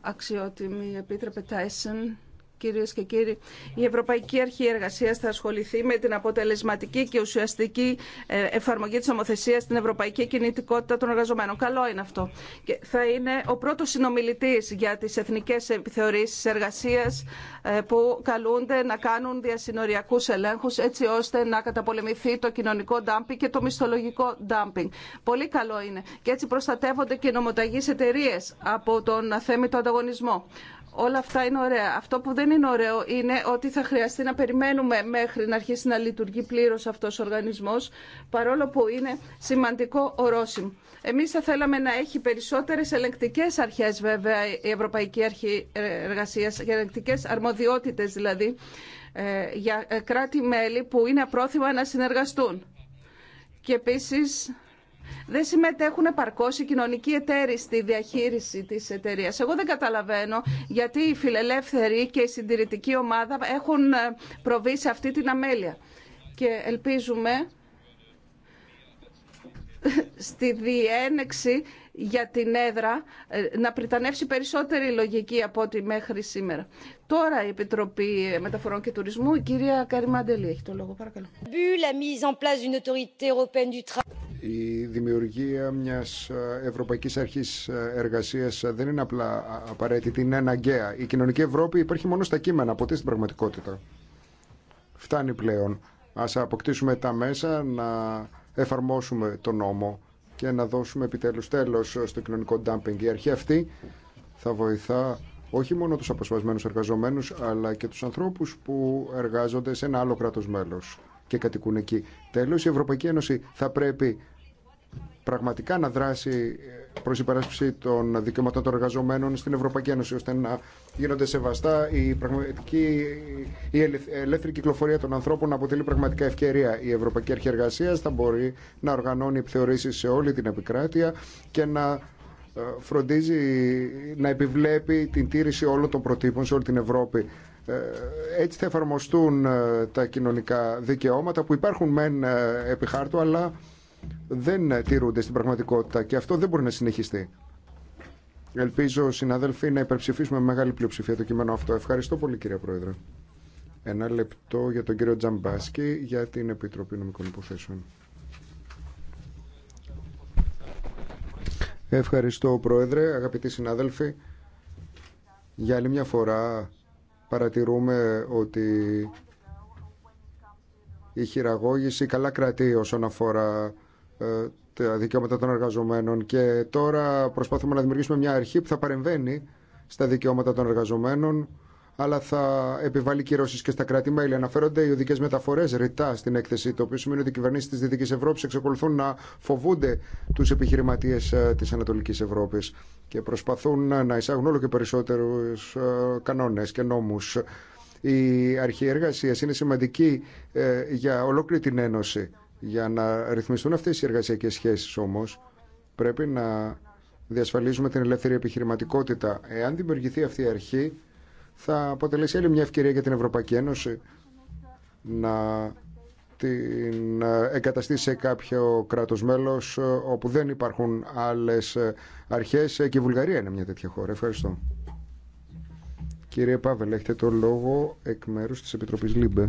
Αξιότιμη Επίτροπε Τάισεν κυρίε και κύριοι, η Ευρωπαϊκή Αρχή Εργασία θα ασχοληθεί με την αποτελεσματική και ουσιαστική ε, εφαρμογή τη νομοθεσία στην ευρωπαϊκή κινητικότητα των εργαζομένων. Καλό είναι αυτό. Και θα είναι ο πρώτο συνομιλητή για τι εθνικέ επιθεωρήσει εργασία ε, που καλούνται να κάνουν διασυνοριακού ελέγχου έτσι ώστε να καταπολεμηθεί το κοινωνικό ντάμπινγκ και το μισθολογικό ντάμπινγκ. Πολύ καλό είναι. Και έτσι προστατεύονται και οι νομοταγεί εταιρείε από τον αθέμητο ανταγωνισμό. Όλα αυτά είναι ωραία. Αυτό που δεν είναι ωραίο είναι ότι θα χρειαστεί να περιμένουμε μέχρι να αρχίσει να λειτουργεί πλήρω αυτό ο οργανισμό, παρόλο που είναι σημαντικό ορόσημο. Εμεί θα θέλαμε να έχει περισσότερε ελεγκτικέ αρχέ, βέβαια, η Ευρωπαϊκή Αρχή Εργασία, ελεγκτικέ αρμοδιότητε δηλαδή, ε, για κράτη-μέλη που είναι απρόθυμα να συνεργαστούν. Και επίσης δεν συμμετέχουν επαρκώ οι κοινωνικοί εταίροι στη διαχείριση τη εταιρεία. Εγώ δεν καταλαβαίνω γιατί οι φιλελεύθεροι και η συντηρητική ομάδα έχουν ε, προβεί σε αυτή την αμέλεια. Και ελπίζουμε στη διένεξη για την έδρα ε, να πριτανεύσει περισσότερη λογική από ό,τι μέχρι σήμερα. Τώρα η Επιτροπή Μεταφορών και Τουρισμού, η κυρία Καριμάντελη έχει το λόγο, παρακαλώ. Η δημιουργία μιας ε, Ευρωπαϊκής Αρχής ε, Εργασίας ε, δεν είναι απλά απαραίτητη, είναι αναγκαία. Η κοινωνική Ευρώπη υπάρχει μόνο στα κείμενα, ποτέ στην πραγματικότητα. Φτάνει πλέον. Ας αποκτήσουμε τα μέσα να εφαρμόσουμε το νόμο και να δώσουμε επιτέλους τέλος στο κοινωνικό ντάμπινγκ. Η αρχή αυτή θα βοηθά όχι μόνο τους αποσπασμένους εργαζομένους αλλά και τους ανθρώπους που εργάζονται σε ένα άλλο κράτος μέλος και κατοικούν εκεί. Τέλος, η Ευρωπαϊκή Ένωση θα πρέπει πραγματικά να δράσει προς υπεράσπιση των δικαιωμάτων των εργαζομένων στην Ευρωπαϊκή Ένωση ώστε να γίνονται σεβαστά η, πραγματική, η ελεύθερη κυκλοφορία των ανθρώπων να αποτελεί πραγματικά ευκαιρία. Η Ευρωπαϊκή Αρχή Εργασίας θα μπορεί να οργανώνει επιθεωρήσεις σε όλη την επικράτεια και να ε, φροντίζει να επιβλέπει την τήρηση όλων των προτύπων σε όλη την Ευρώπη. Ε, έτσι θα εφαρμοστούν ε, τα κοινωνικά δικαιώματα που υπάρχουν μεν επί χάρτου, αλλά δεν τηρούνται στην πραγματικότητα και αυτό δεν μπορεί να συνεχιστεί. Ελπίζω, συναδελφοί, να υπερψηφίσουμε με μεγάλη πλειοψηφία το κείμενο αυτό. Ευχαριστώ πολύ, κύριε Πρόεδρε. Ένα λεπτό για τον κύριο Τζαμπάσκι για την Επιτροπή Νομικών Υποθέσεων. Ευχαριστώ Πρόεδρε, αγαπητοί συνάδελφοι. Για άλλη μια φορά παρατηρούμε ότι η χειραγώγηση καλά κρατεί όσον αφορά ε, τα δικαιώματα των εργαζομένων και τώρα προσπαθούμε να δημιουργήσουμε μια αρχή που θα παρεμβαίνει στα δικαιώματα των εργαζομένων αλλά θα επιβάλλει κυρώσει και στα κράτη-μέλη. Αναφέρονται οι οδικέ μεταφορέ ρητά στην έκθεση, το οποίο σημαίνει ότι οι κυβερνήσει τη Δυτική Ευρώπη εξακολουθούν να φοβούνται του επιχειρηματίε ε, τη Ανατολική Ευρώπη και προσπαθούν να εισάγουν όλο και περισσότερου ε, κανόνε και νόμου. Η αρχή εργασία είναι σημαντική ε, για ολόκληρη την Ένωση. Για να ρυθμιστούν αυτέ οι εργασιακέ σχέσει όμω, πρέπει να διασφαλίζουμε την ελεύθερη επιχειρηματικότητα. Εάν δημιουργηθεί αυτή η αρχή, θα αποτελέσει άλλη μια ευκαιρία για την Ευρωπαϊκή Ένωση να την ε, εγκαταστήσει σε κάποιο κράτος μέλος ε, όπου δεν υπάρχουν άλλες ε, αρχές και η Βουλγαρία είναι μια τέτοια χώρα. Ευχαριστώ. Κύριε Πάβελ, έχετε το λόγο εκ μέρους της Επιτροπής ΛΥΜΠΕ.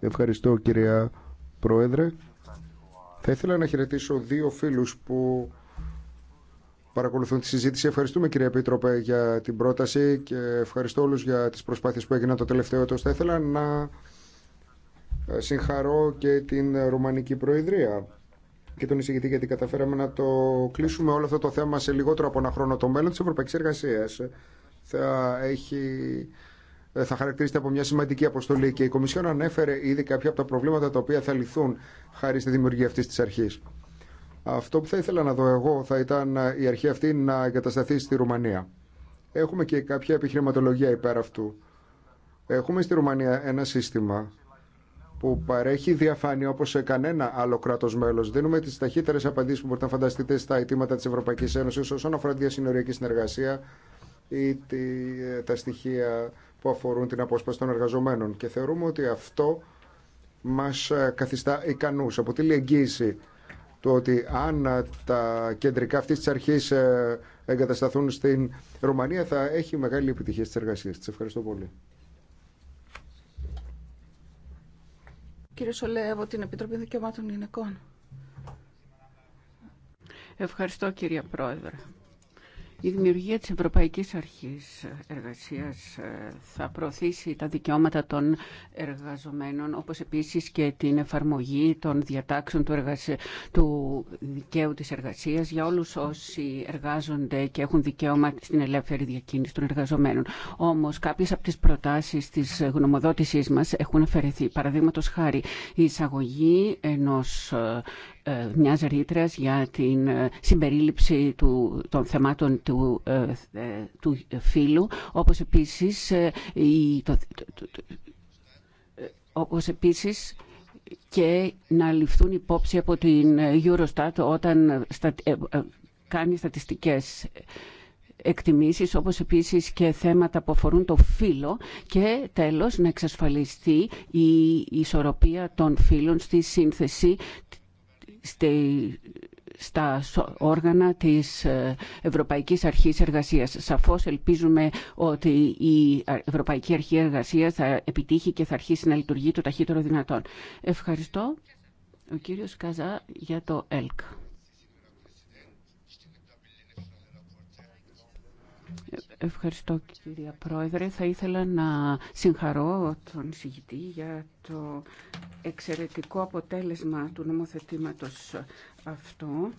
Ευχαριστώ κυρία Πρόεδρε. Θα ήθελα να χαιρετήσω δύο φίλους που παρακολουθούν τη συζήτηση. Ευχαριστούμε κύριε Επίτροπε για την πρόταση και ευχαριστώ όλους για τις προσπάθειες που έγιναν το τελευταίο έτος. Θα ήθελα να ε, συγχαρώ και την Ρουμανική Προεδρία και τον εισηγητή γιατί καταφέραμε να το κλείσουμε όλο αυτό το θέμα σε λιγότερο από ένα χρόνο. Το μέλλον της Ευρωπαϊκής Εργασίας θα έχει ε, θα χαρακτηρίζεται από μια σημαντική αποστολή και η Κομισιόν ανέφερε ήδη κάποια από τα προβλήματα τα οποία θα λυθούν χάρη στη δημιουργία αυτής της αρχής. Αυτό που θα ήθελα να δω εγώ θα ήταν ε, η αρχή αυτή να εγκατασταθεί στη Ρουμανία. Έχουμε και κάποια επιχειρηματολογία υπέρ αυτού. Έχουμε στη Ρουμανία ένα σύστημα που παρέχει διαφάνεια όπω σε κανένα άλλο κράτο μέλο. Δίνουμε τι ταχύτερε απαντήσει που μπορείτε να φανταστείτε στα αιτήματα τη Ευρωπαϊκή Ένωση όσον αφορά τη διασυνοριακή συνεργασία ή τη, ε, τα στοιχεία που αφορούν την απόσπαση των εργαζομένων. Και θεωρούμε ότι αυτό μα ε, καθιστά ικανού. Αποτελεί εγγύηση το ότι αν ε, τα κεντρικά αυτής της αρχής ε, εγκατασταθούν στην Ρωμανία θα έχει μεγάλη επιτυχία στις εργασίες Σας Ευχαριστώ πολύ. Κύριε Σολέ, την Επιτροπή Δικαιωμάτων Γυναικών. Ευχαριστώ κύριε Πρόεδρε. Η δημιουργία της Ευρωπαϊκής Αρχής Εργασίας ε, θα προωθήσει τα δικαιώματα των εργαζομένων, όπως επίσης και την εφαρμογή των διατάξεων του, του δικαίου της εργασίας για όλους όσοι εργάζονται και έχουν δικαίωμα στην ελεύθερη διακίνηση των εργαζομένων. Όμως κάποιες από τις προτάσεις της γνωμοδότησής μας έχουν αφαιρεθεί. Παραδείγματος χάρη η εισαγωγή ενός ε, ε, Μια ρήτρα για την ε, συμπερίληψη του, των θεμάτων του, ε, του φύλου, όπως επίσης, η, όπως επίσης και να ληφθούν υπόψη από την Eurostat όταν κάνει στατιστικές εκτιμήσεις, όπως επίσης και θέματα που αφορούν το φύλλο και τέλος να εξασφαλιστεί η ισορροπία των φύλων στη σύνθεση στα όργανα της ε, Ευρωπαϊκής Αρχής Εργασίας. Σαφώς ελπίζουμε ότι η Ευρωπαϊκή Αρχή Εργασίας θα επιτύχει και θα αρχίσει να λειτουργεί το ταχύτερο δυνατόν. Ευχαριστώ. Ο κύριος Καζά για το ΕΛΚ. Ευχαριστώ κυρία Πρόεδρε. Θα ήθελα να συγχαρώ τον συγητή για το εξαιρετικό αποτέλεσμα του νομοθετήματος αυτό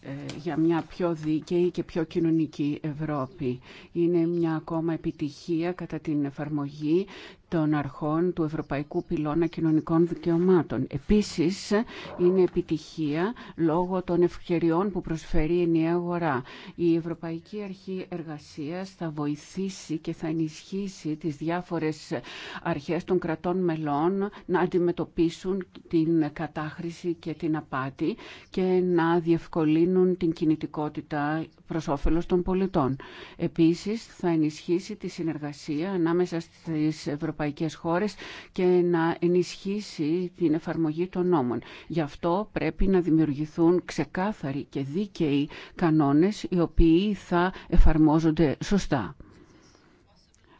ε, για μια πιο δίκαιη και πιο κοινωνική Ευρώπη. Είναι μια ακόμα επιτυχία κατά την εφαρμογή των αρχών του Ευρωπαϊκού Πυλώνα Κοινωνικών Δικαιωμάτων. Επίσης, είναι επιτυχία λόγω των ευκαιριών που προσφέρει η νέα αγορά. Η Ευρωπαϊκή Αρχή Εργασίας θα βοηθήσει και θα ενισχύσει τις διάφορες αρχές των κρατών μελών να αντιμετωπίσουν την κατάχρηση και την απάτη και να διευκολύνουν την κινητικότητα προς όφελος των πολιτών. Επίσης, θα ενισχύσει τη συνεργασία ανάμεσα στις ευρωπαϊκές χώρες και να ενισχύσει την εφαρμογή των νόμων. Γι' αυτό πρέπει να δημιουργηθούν ξεκάθαροι και δίκαιοι κανόνες οι οποίοι θα εφαρμόζονται σωστά.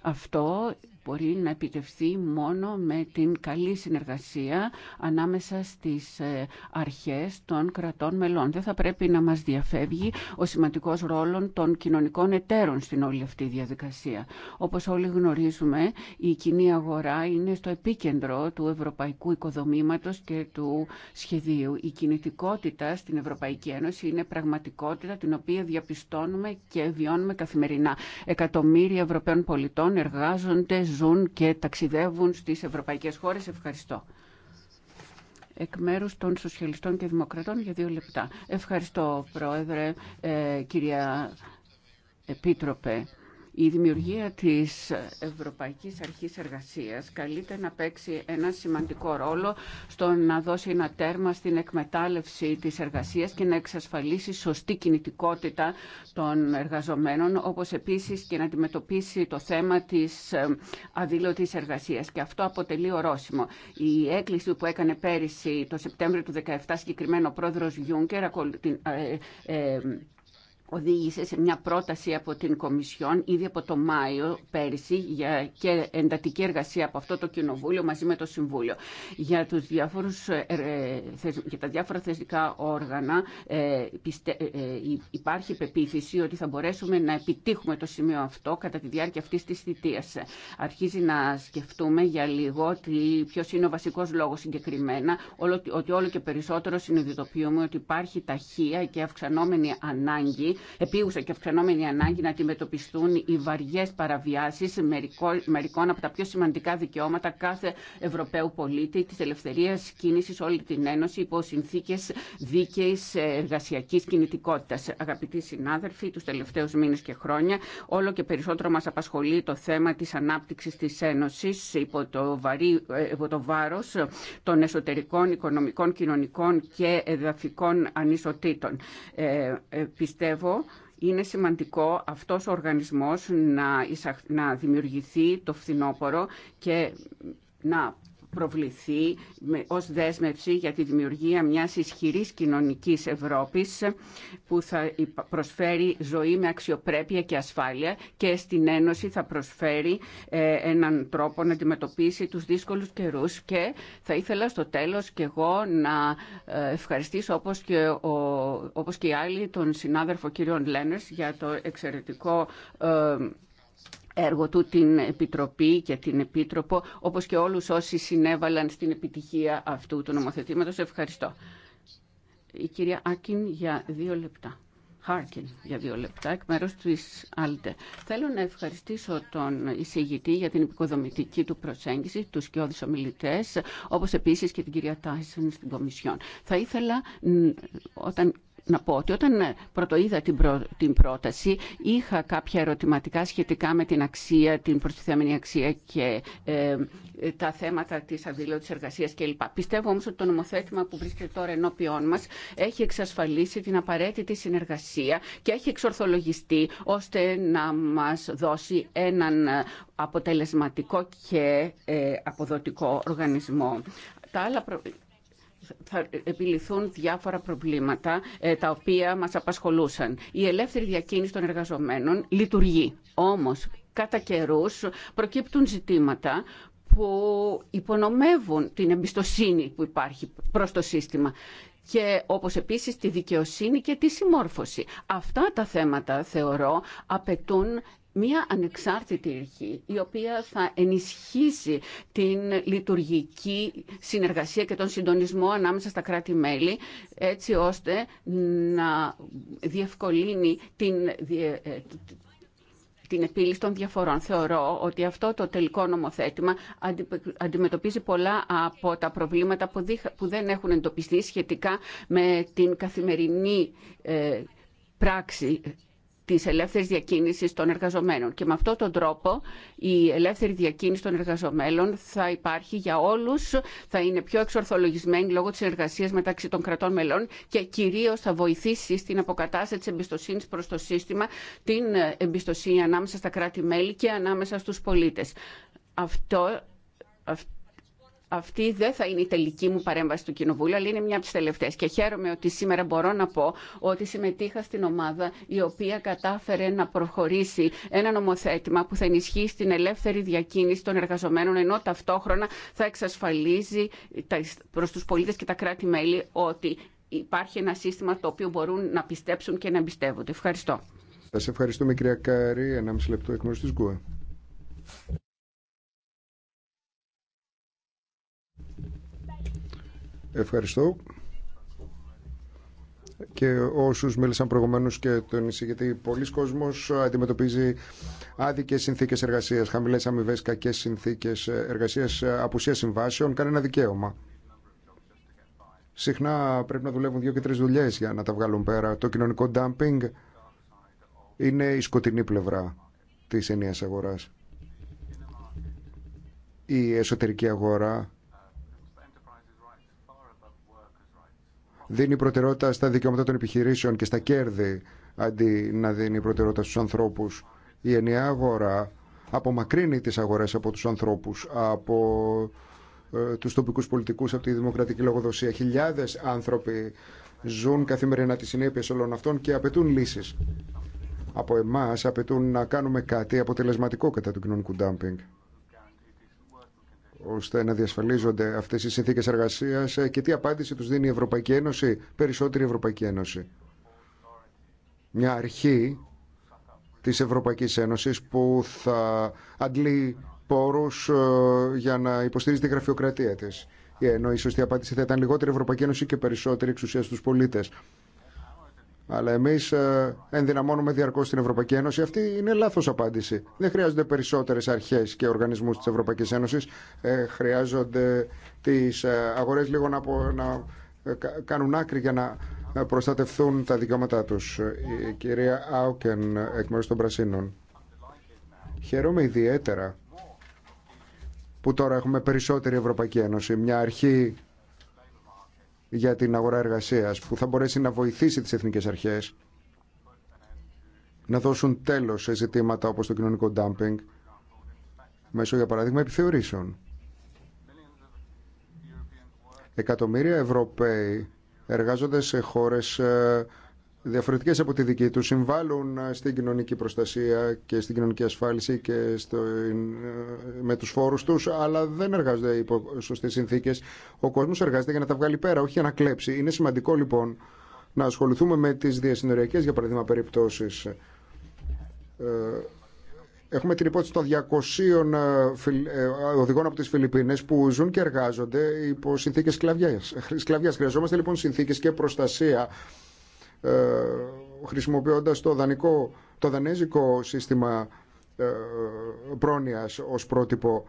Αυτό μπορεί να επιτευχθεί μόνο με την καλή συνεργασία ανάμεσα στις ε, αρχές των κρατών μελών. Δεν θα πρέπει να μας διαφεύγει ο σημαντικός ρόλος των κοινωνικών εταίρων στην όλη αυτή διαδικασία. Όπως όλοι γνωρίζουμε, η κοινή αγορά είναι στο επίκεντρο του ευρωπαϊκού οικοδομήματος και του σχεδίου. Η κινητικότητα στην Ευρωπαϊκή Ένωση είναι πραγματικότητα την οποία διαπιστώνουμε και βιώνουμε καθημερινά. Εκατομμύρια Ευρωπαίων πολιτών εργάζονται, ζουν και ταξιδεύουν στις ευρωπαϊκές χώρες. Ευχαριστώ. Εκ μέρου των Σοσιαλιστών και Δημοκρατών για δύο λεπτά. Ευχαριστώ, Πρόεδρε, ε, κυρία Επίτροπε. Η δημιουργία της Ευρωπαϊκής Αρχής Εργασίας καλείται να παίξει ένα σημαντικό ρόλο στο να δώσει ένα τέρμα στην εκμετάλλευση της εργασίας και να εξασφαλίσει σωστή κινητικότητα των εργαζομένων, όπως επίσης και να αντιμετωπίσει το θέμα της ε, αδήλωτης εργασίας. Και αυτό αποτελεί ορόσημο. Η έκκληση που έκανε πέρυσι το Σεπτέμβριο του 2017 συγκεκριμένο πρόεδρος Γιούγκερ, οδήγησε σε μια πρόταση από την Κομισιόν ήδη από το Μάιο πέρυσι για και εντατική εργασία από αυτό το Κοινοβούλιο μαζί με το Συμβούλιο για, τους διάφορους, ε, ε, για τα διάφορα θεσμικά όργανα ε, υπάρχει πεποίθηση ότι θα μπορέσουμε να επιτύχουμε το σημείο αυτό κατά τη διάρκεια αυτής της θητείας. Αρχίζει να σκεφτούμε για λίγο ποιο είναι ο βασικός λόγος συγκεκριμένα ότι όλο και περισσότερο συνειδητοποιούμε ότι υπάρχει ταχεία και αυξανόμενη ανάγκη επίγουσα και αυξανόμενη ανάγκη να αντιμετωπιστούν οι βαριές παραβιάσεις μερικών από τα πιο σημαντικά δικαιώματα κάθε Ευρωπαίου πολίτη, τη ελευθερία κίνησης όλη την Ένωση υπό συνθήκες δίκαιη εργασιακή κινητικότητας. Αγαπητοί συνάδελφοι, του τελευταίου μήνε και χρόνια, όλο και περισσότερο μας απασχολεί το θέμα τη ανάπτυξη τη Ένωση ε, υπό το, βάρος των εσωτερικών, οικονομικών, κοινωνικών και εδαφικών ανισοτήτων. Ε, ε πιστεύω είναι σημαντικό αυτός ο οργανισμός να, δημιουργηθεί το φθινόπωρο και να προβληθεί ως δέσμευση για τη δημιουργία μιας ισχυρής κοινωνικής Ευρώπης που θα προσφέρει ζωή με αξιοπρέπεια και ασφάλεια και στην Ένωση θα προσφέρει ε, έναν τρόπο να αντιμετωπίσει τους δύσκολους καιρούς και θα ήθελα στο τέλος και εγώ να ε, ευχαριστήσω όπως και, ο, όπως και οι άλλοι τον συνάδελφο κύριο Λένερς για το εξαιρετικό ε, έργο του την Επιτροπή και την Επίτροπο, όπως και όλους όσοι συνέβαλαν στην επιτυχία αυτού του νομοθετήματος. Ευχαριστώ. Η κυρία Άκιν για δύο λεπτά. Χάρκιν για δύο λεπτά, εκ μέρου τη ΑΛΤΕ. Θέλω να ευχαριστήσω τον εισηγητή για την επικοδομητική του προσέγγιση, του σκιώδη ομιλητέ, όπω επίση και την κυρία Τάισον στην Κομισιόν. Θα ήθελα, όταν να πω ότι όταν ε, πρωτοείδα την, την πρόταση είχα κάποια ερωτηματικά σχετικά με την αξία, την προστιθέμενη αξία και ε, ε, τα θέματα της αδειλώτης εργασίας κλπ. Πιστεύω όμως ότι το νομοθέτημα που βρίσκεται τώρα ενώπιόν μας έχει εξασφαλίσει την απαραίτητη συνεργασία και έχει εξορθολογιστεί ώστε να μας δώσει έναν αποτελεσματικό και αποδοτικό οργανισμό. Τα άλλα θα επιληθούν διάφορα προβλήματα ε, τα οποία μας απασχολούσαν. Η ελεύθερη διακίνηση των εργαζομένων λειτουργεί. Όμως, κατά καιρού προκύπτουν ζητήματα που υπονομεύουν την εμπιστοσύνη που υπάρχει προς το σύστημα και όπως επίσης τη δικαιοσύνη και τη συμμόρφωση. Αυτά τα θέματα θεωρώ απαιτούν μια ανεξάρτητη αρχή η οποία θα ενισχύσει την λειτουργική συνεργασία και τον συντονισμό ανάμεσα στα κράτη-μέλη έτσι ώστε να διευκολύνει την, ε, την επίλυση των διαφορών. Θεωρώ ότι αυτό το τελικό νομοθέτημα αντιμετωπίζει πολλά από τα προβλήματα που δεν έχουν εντοπιστεί σχετικά με την καθημερινή ε, πράξη Τη ελεύθερη διακίνησης των εργαζομένων. Και με αυτόν τον τρόπο η ελεύθερη διακίνηση των εργαζομένων θα υπάρχει για όλους, θα είναι πιο εξορθολογισμένη λόγω της εργασίας μεταξύ των κρατών μελών και κυρίως θα βοηθήσει στην αποκατάσταση τη εμπιστοσύνης προς το σύστημα, την εμπιστοσύνη ανάμεσα στα κράτη-μέλη και ανάμεσα στους πολίτες. Αυτό αυτή δεν θα είναι η τελική μου παρέμβαση του Κοινοβούλου, αλλά είναι μια από τι τελευταίε. Και χαίρομαι ότι σήμερα μπορώ να πω ότι συμμετείχα στην ομάδα η οποία κατάφερε να προχωρήσει ένα νομοθέτημα που θα ενισχύσει την ελεύθερη διακίνηση των εργαζομένων, ενώ ταυτόχρονα θα εξασφαλίζει προ του πολίτε και τα κράτη-μέλη ότι υπάρχει ένα σύστημα το οποίο μπορούν να πιστέψουν και να εμπιστεύονται. Ευχαριστώ. Σα ευχαριστούμε, κυρία Κάρη. Ένα μισή λεπτό τη Ευχαριστώ. Και όσου μίλησαν προηγουμένω και τον εισηγητή, πολλοί κόσμοι αντιμετωπίζει άδικε συνθήκε εργασία, χαμηλέ αμοιβέ, κακέ συνθήκε εργασία, απουσία συμβάσεων, κανένα δικαίωμα. Συχνά πρέπει να δουλεύουν δύο και τρει δουλειέ για να τα βγάλουν πέρα. Το κοινωνικό dumping είναι η σκοτεινή πλευρά τη ενίας αγορά. Η εσωτερική αγορά δίνει προτεραιότητα στα δικαιώματα των επιχειρήσεων και στα κέρδη αντί να δίνει προτεραιότητα στους ανθρώπους. Η ενιαία αγορά απομακρύνει τις αγορές από τους ανθρώπους, από ε, τους τοπικούς πολιτικούς, από τη δημοκρατική λογοδοσία. Χιλιάδες άνθρωποι ζουν καθημερινά τις συνέπειες όλων αυτών και απαιτούν λύσεις. Από εμάς απαιτούν να κάνουμε κάτι αποτελεσματικό κατά του κοινωνικού ντάμπινγκ ώστε να διασφαλίζονται αυτές οι συνθήκες εργασίας ε, και τι απάντηση τους δίνει η Ευρωπαϊκή Ένωση, περισσότερη Ευρωπαϊκή Ένωση. Μια αρχή της Ευρωπαϊκής Ένωσης που θα αντλεί πόρους ε, για να υποστηρίζει τη γραφειοκρατία της. Ε, ενώ η σωστή απάντηση θα ήταν λιγότερη Ευρωπαϊκή Ένωση και περισσότερη εξουσία στους πολίτες. Αλλά εμεί ε, ενδυναμώνουμε διαρκώ την Ευρωπαϊκή Ένωση. Αυτή είναι λάθο απάντηση. Δεν χρειάζονται περισσότερε αρχέ και οργανισμού τη Ευρωπαϊκή Ένωση. Ε, χρειάζονται τι ε, αγορέ λίγο να, να ε, κάνουν άκρη για να προστατευθούν τα δικαιώματά του. Η κυρία Άουκεν, εκ μέρου των Πρασίνων. Χαίρομαι ιδιαίτερα που τώρα έχουμε περισσότερη Ευρωπαϊκή Ένωση. Μια αρχή για την αγορά εργασίας που θα μπορέσει να βοηθήσει τις εθνικές αρχές να δώσουν τέλος σε ζητήματα όπως το κοινωνικό ντάμπινγκ μέσω για παράδειγμα επιθεωρήσεων. Εκατομμύρια Ευρωπαίοι εργάζονται σε χώρες ε, διαφορετικές από τη δική του συμβάλλουν ε, στην κοινωνική προστασία και στην κοινωνική ασφάλιση και στο, ε, με τους φόρους τους αλλά δεν εργάζονται υπό σωστές συνθήκες ο κόσμος εργάζεται για να τα βγάλει πέρα όχι για να κλέψει είναι σημαντικό λοιπόν να ασχοληθούμε με τις διασυνοριακές για παράδειγμα περιπτώσεις ε, Έχουμε την υπόθεση των 200 οδηγών από τι Φιλιππίνες που ζουν και εργάζονται υπό συνθήκες Σκλαβιά. Χρειαζόμαστε λοιπόν συνθήκε και προστασία ε, χρησιμοποιώντας το, δανικό, το δανέζικο σύστημα ε, πρόνοιας ως πρότυπο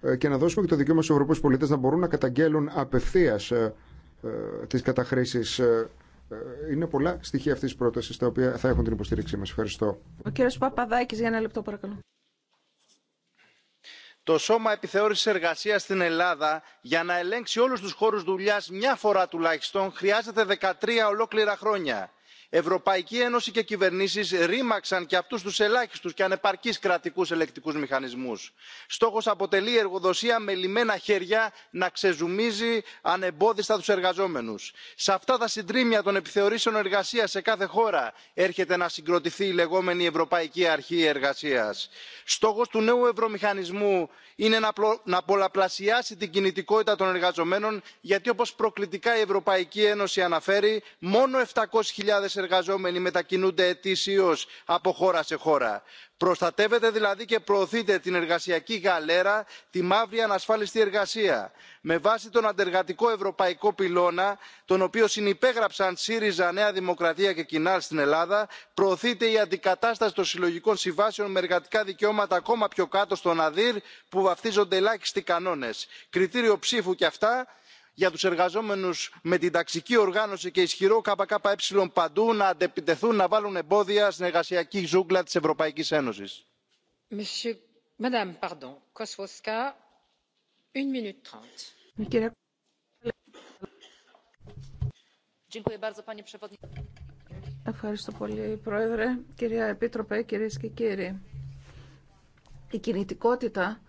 ε, και να δώσουμε και το δικαίωμα στους Ευρωπαίους πολίτες να μπορούν να καταγγέλουν απευθείας τις καταχρήσεις είναι πολλά στοιχεία αυτής της πρότασης τα οποία θα έχουν την υποστήριξή μας. Ευχαριστώ. Ο κύριος Παπαδάκης για ένα λεπτό παρακαλώ. Το Σώμα Επιθεώρησης Εργασίας στην Ελλάδα για να ελέγξει όλους τους χώρους δουλειάς μια φορά τουλάχιστον χρειάζεται 13 ολόκληρα χρόνια ευρωπαϊκή ένωση και κυβερνήσεις ρήμαξαν και αυτούς τους ελάχιστους και ανεπαρκείς κρατικούς ελεκτικούς μηχανισμούς. στόχος αποτελεί η εργοδοσία με λιμένα χέρια να ξεζουμίζει ανεμπόδιστα τους εργαζόμενους. σε αυτά τα συντρίμμια των επιθεωρήσεων εργασίας σε κάθε χώρα έρχεται να συγκροτηθεί η λεγόμενη ευρωπαϊκή αρχή εργασίας. στόχος του νέου ευρωμηχανισμού είναι να πολλαπλασιάσει την κινητικότητα των εργαζομένων γιατί όπω προκλητικά η ευρωπαϊκή ένωση αναφέρει μόνο 700.000 εργαζόμενοι μετακινούνται ετησίω από χώρα σε χώρα. προστατεύεται δηλαδή και προωθείται την εργασιακή γαλέρα τη μαύρη ανασφάλιστη εργασία με βάση τον αντεργατικό ευρωπαϊκό πυλώνα τον οποίο συνυπέγραψαν σύριζα νέα δημοκρατία και κοινάλ στην ελλάδα προωθείται η αντικατάσταση των συλλογικών συμβάσεων με εργατικά δικαιώματα ακόμα πιο κάτω στον αδύρ που βαφτίζονται ελάχιστοι κανόνε. κριτήριο ψήφου και αυτά για τους εργαζόμενους με την ταξική οργάνωση και ισχυρό ΚΚΕ παντού να αντεπιτεθούν να βάλουν εμπόδια στην εργασιακή ζούγκλα της ευρωπαϊκής ένωσης. Ευχαριστώ πολύ, Πρόεδρε, κυρία Επίτροπε, κυρίες και κύριοι. Η κινητικότητα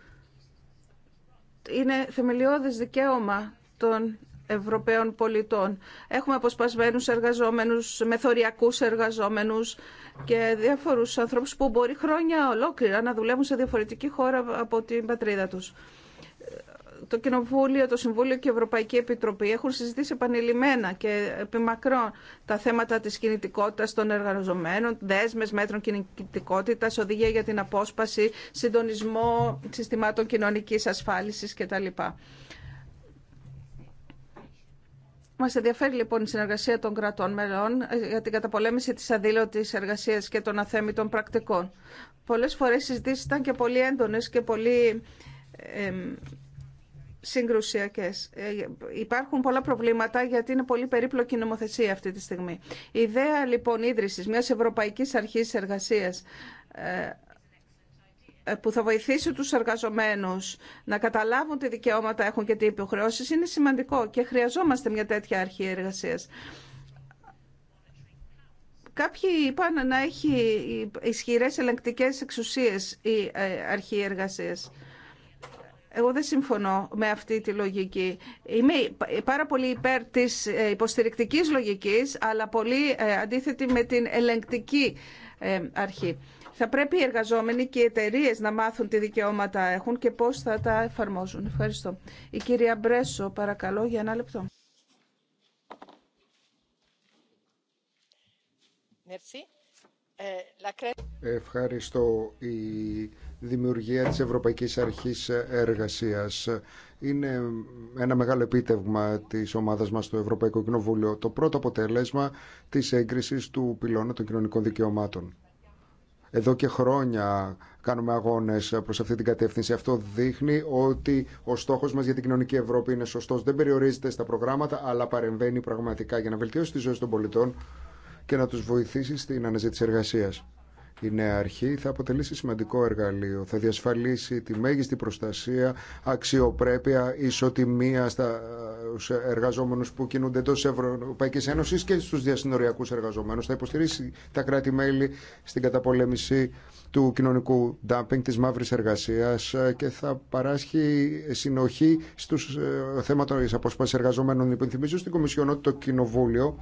είναι θεμελιώδες δικαίωμα των Ευρωπαίων πολιτών. Έχουμε αποσπασμένους εργαζόμενους, μεθοριακούς εργαζόμενους και διάφορους ανθρώπους που μπορεί χρόνια ολόκληρα να δουλεύουν σε διαφορετική χώρα από την πατρίδα τους. Το Κοινοβούλιο, το Συμβούλιο και η Ευρωπαϊκή Επιτροπή έχουν συζητήσει επανειλημμένα και επιμακρών τα θέματα της κινητικότητας των εργαζομένων, δέσμες μέτρων κινητικότητας, οδηγία για την απόσπαση, συντονισμό συστημάτων κοινωνικής ασφάλισης κτλ. Μα ενδιαφέρει λοιπόν η συνεργασία των κρατών μελών ε, για την καταπολέμηση της αδήλωτη εργασίας και των αθέμητων πρακτικών. Πολλές φορές συζητήσει ήταν και πολύ έντονες και πολύ ε, Υπάρχουν πολλά προβλήματα γιατί είναι πολύ περίπλοκη η νομοθεσία αυτή τη στιγμή. Η ιδέα λοιπόν ίδρυση, μια Ευρωπαϊκή Αρχή Εργασίας ε, ε, που θα βοηθήσει τους εργαζομένους να καταλάβουν τι δικαιώματα έχουν και τι υποχρεώσεις είναι σημαντικό και χρειαζόμαστε μια τέτοια αρχή εργασίας. Κάποιοι είπαν να έχει ισχυρές ελεγκτικές εξουσίες η ε, αρχή εργασίας. Εγώ δεν συμφωνώ με αυτή τη λογική. Είμαι πάρα πολύ υπέρ της ε, υποστηρικτικής λογικής, αλλά πολύ αντίθετη με την ελεγκτική αρχή. Θα πρέπει οι εργαζόμενοι και οι εταιρείε να μάθουν τι δικαιώματα έχουν και πώς θα τα εφαρμόζουν. Ευχαριστώ. Η κυρία Μπρέσο, παρακαλώ, για ένα λεπτό. Ε, Ευχαριστώ. Η δημιουργία της Ευρωπαϊκής Αρχής Εργασίας είναι ένα μεγάλο επίτευγμα της ομάδας μας στο Ευρωπαϊκό Κοινοβούλιο. Το πρώτο αποτέλεσμα της έγκρισης του πυλώνα των κοινωνικών δικαιωμάτων. Εδώ και χρόνια κάνουμε αγώνε προ αυτή την κατεύθυνση. Αυτό δείχνει ότι ο στόχο μα για την κοινωνική Ευρώπη είναι σωστό. Δεν περιορίζεται στα προγράμματα, αλλά παρεμβαίνει πραγματικά για να βελτιώσει τη ζωή των πολιτών και να του βοηθήσει στην αναζήτηση εργασία. Η νέα αρχή θα αποτελήσει σημαντικό εργαλείο. Θα διασφαλίσει τη μέγιστη προστασία, αξιοπρέπεια, ισοτιμία ε, στου εργαζόμενου που κινούνται εντό Ευρωπαϊκή Ένωση και στου διασυνοριακού εργαζομένου. Θα υποστηρίσει τα κράτη-μέλη στην καταπολέμηση του κοινωνικού ντάμπινγκ, της μαύρης εργασίας ε, και θα παράσχει συνοχή στους ε, θέματα τη αποσπάσης εργαζομένων. Υπενθυμίζω στην Κομισιόν ότι το Κοινοβούλιο,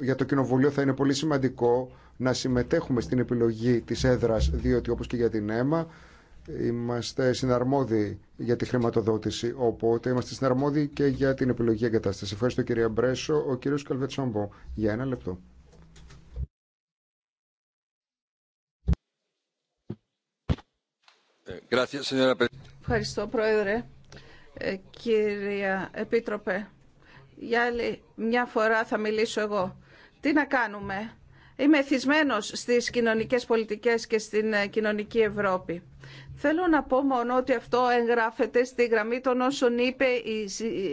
για το Κοινοβούλιο θα είναι πολύ σημαντικό να συμμετέχουμε στην επιλογή της έδρας, διότι όπως και για την αίμα είμαστε συναρμόδιοι για τη χρηματοδότηση, οπότε είμαστε συναρμόδιοι και για την επιλογή εγκατάσταση. Ευχαριστώ κυρία Μπρέσο. Ο κύριος Καλβετσόμπο, για ένα λεπτό. Ευχαριστώ, Πρόεδρε. Ε, κυρία Επίτροπε, για άλλη μια φορά θα μιλήσω εγώ. Τι να κάνουμε Είμαι εθισμένος στις κοινωνικές πολιτικές και στην ε, κοινωνική Ευρώπη. Θέλω να πω μόνο ότι αυτό εγγράφεται στη γραμμή των όσων είπε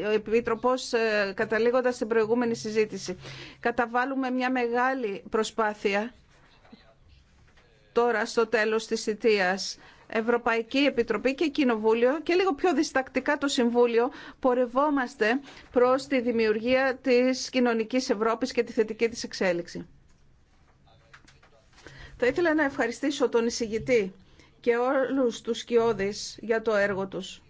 ο Επίτροπος ε, καταλήγοντας την προηγούμενη συζήτηση. Καταβάλουμε μια μεγάλη προσπάθεια τώρα στο τέλος της θητείας. Ευρωπαϊκή Επιτροπή και Κοινοβούλιο και λίγο πιο διστακτικά το Συμβούλιο πορευόμαστε προς τη δημιουργία της κοινωνικής Ευρώπης και τη θετική της εξέλιξη. Θα ήθελα να ευχαριστήσω τον εισηγητή και όλους τους σκιώδεις για το έργο τους.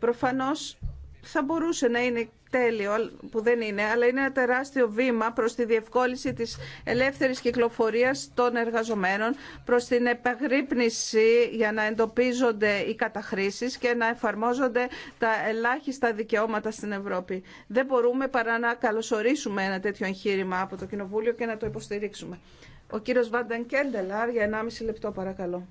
Προφανώς θα μπορούσε να είναι τέλειο, που δεν είναι, αλλά είναι ένα τεράστιο βήμα προς τη διευκόλυνση της ελεύθερης κυκλοφορίας των εργαζομένων, προς την επαγρύπνηση για να εντοπίζονται οι καταχρήσεις και να εφαρμόζονται τα ελάχιστα δικαιώματα στην Ευρώπη. Δεν μπορούμε παρά να καλωσορίσουμε ένα τέτοιο εγχείρημα από το Κοινοβούλιο και να το υποστηρίξουμε. Ο κύριος Βάνταν Κέντελαρ για 1,5 λεπτό παρακαλώ.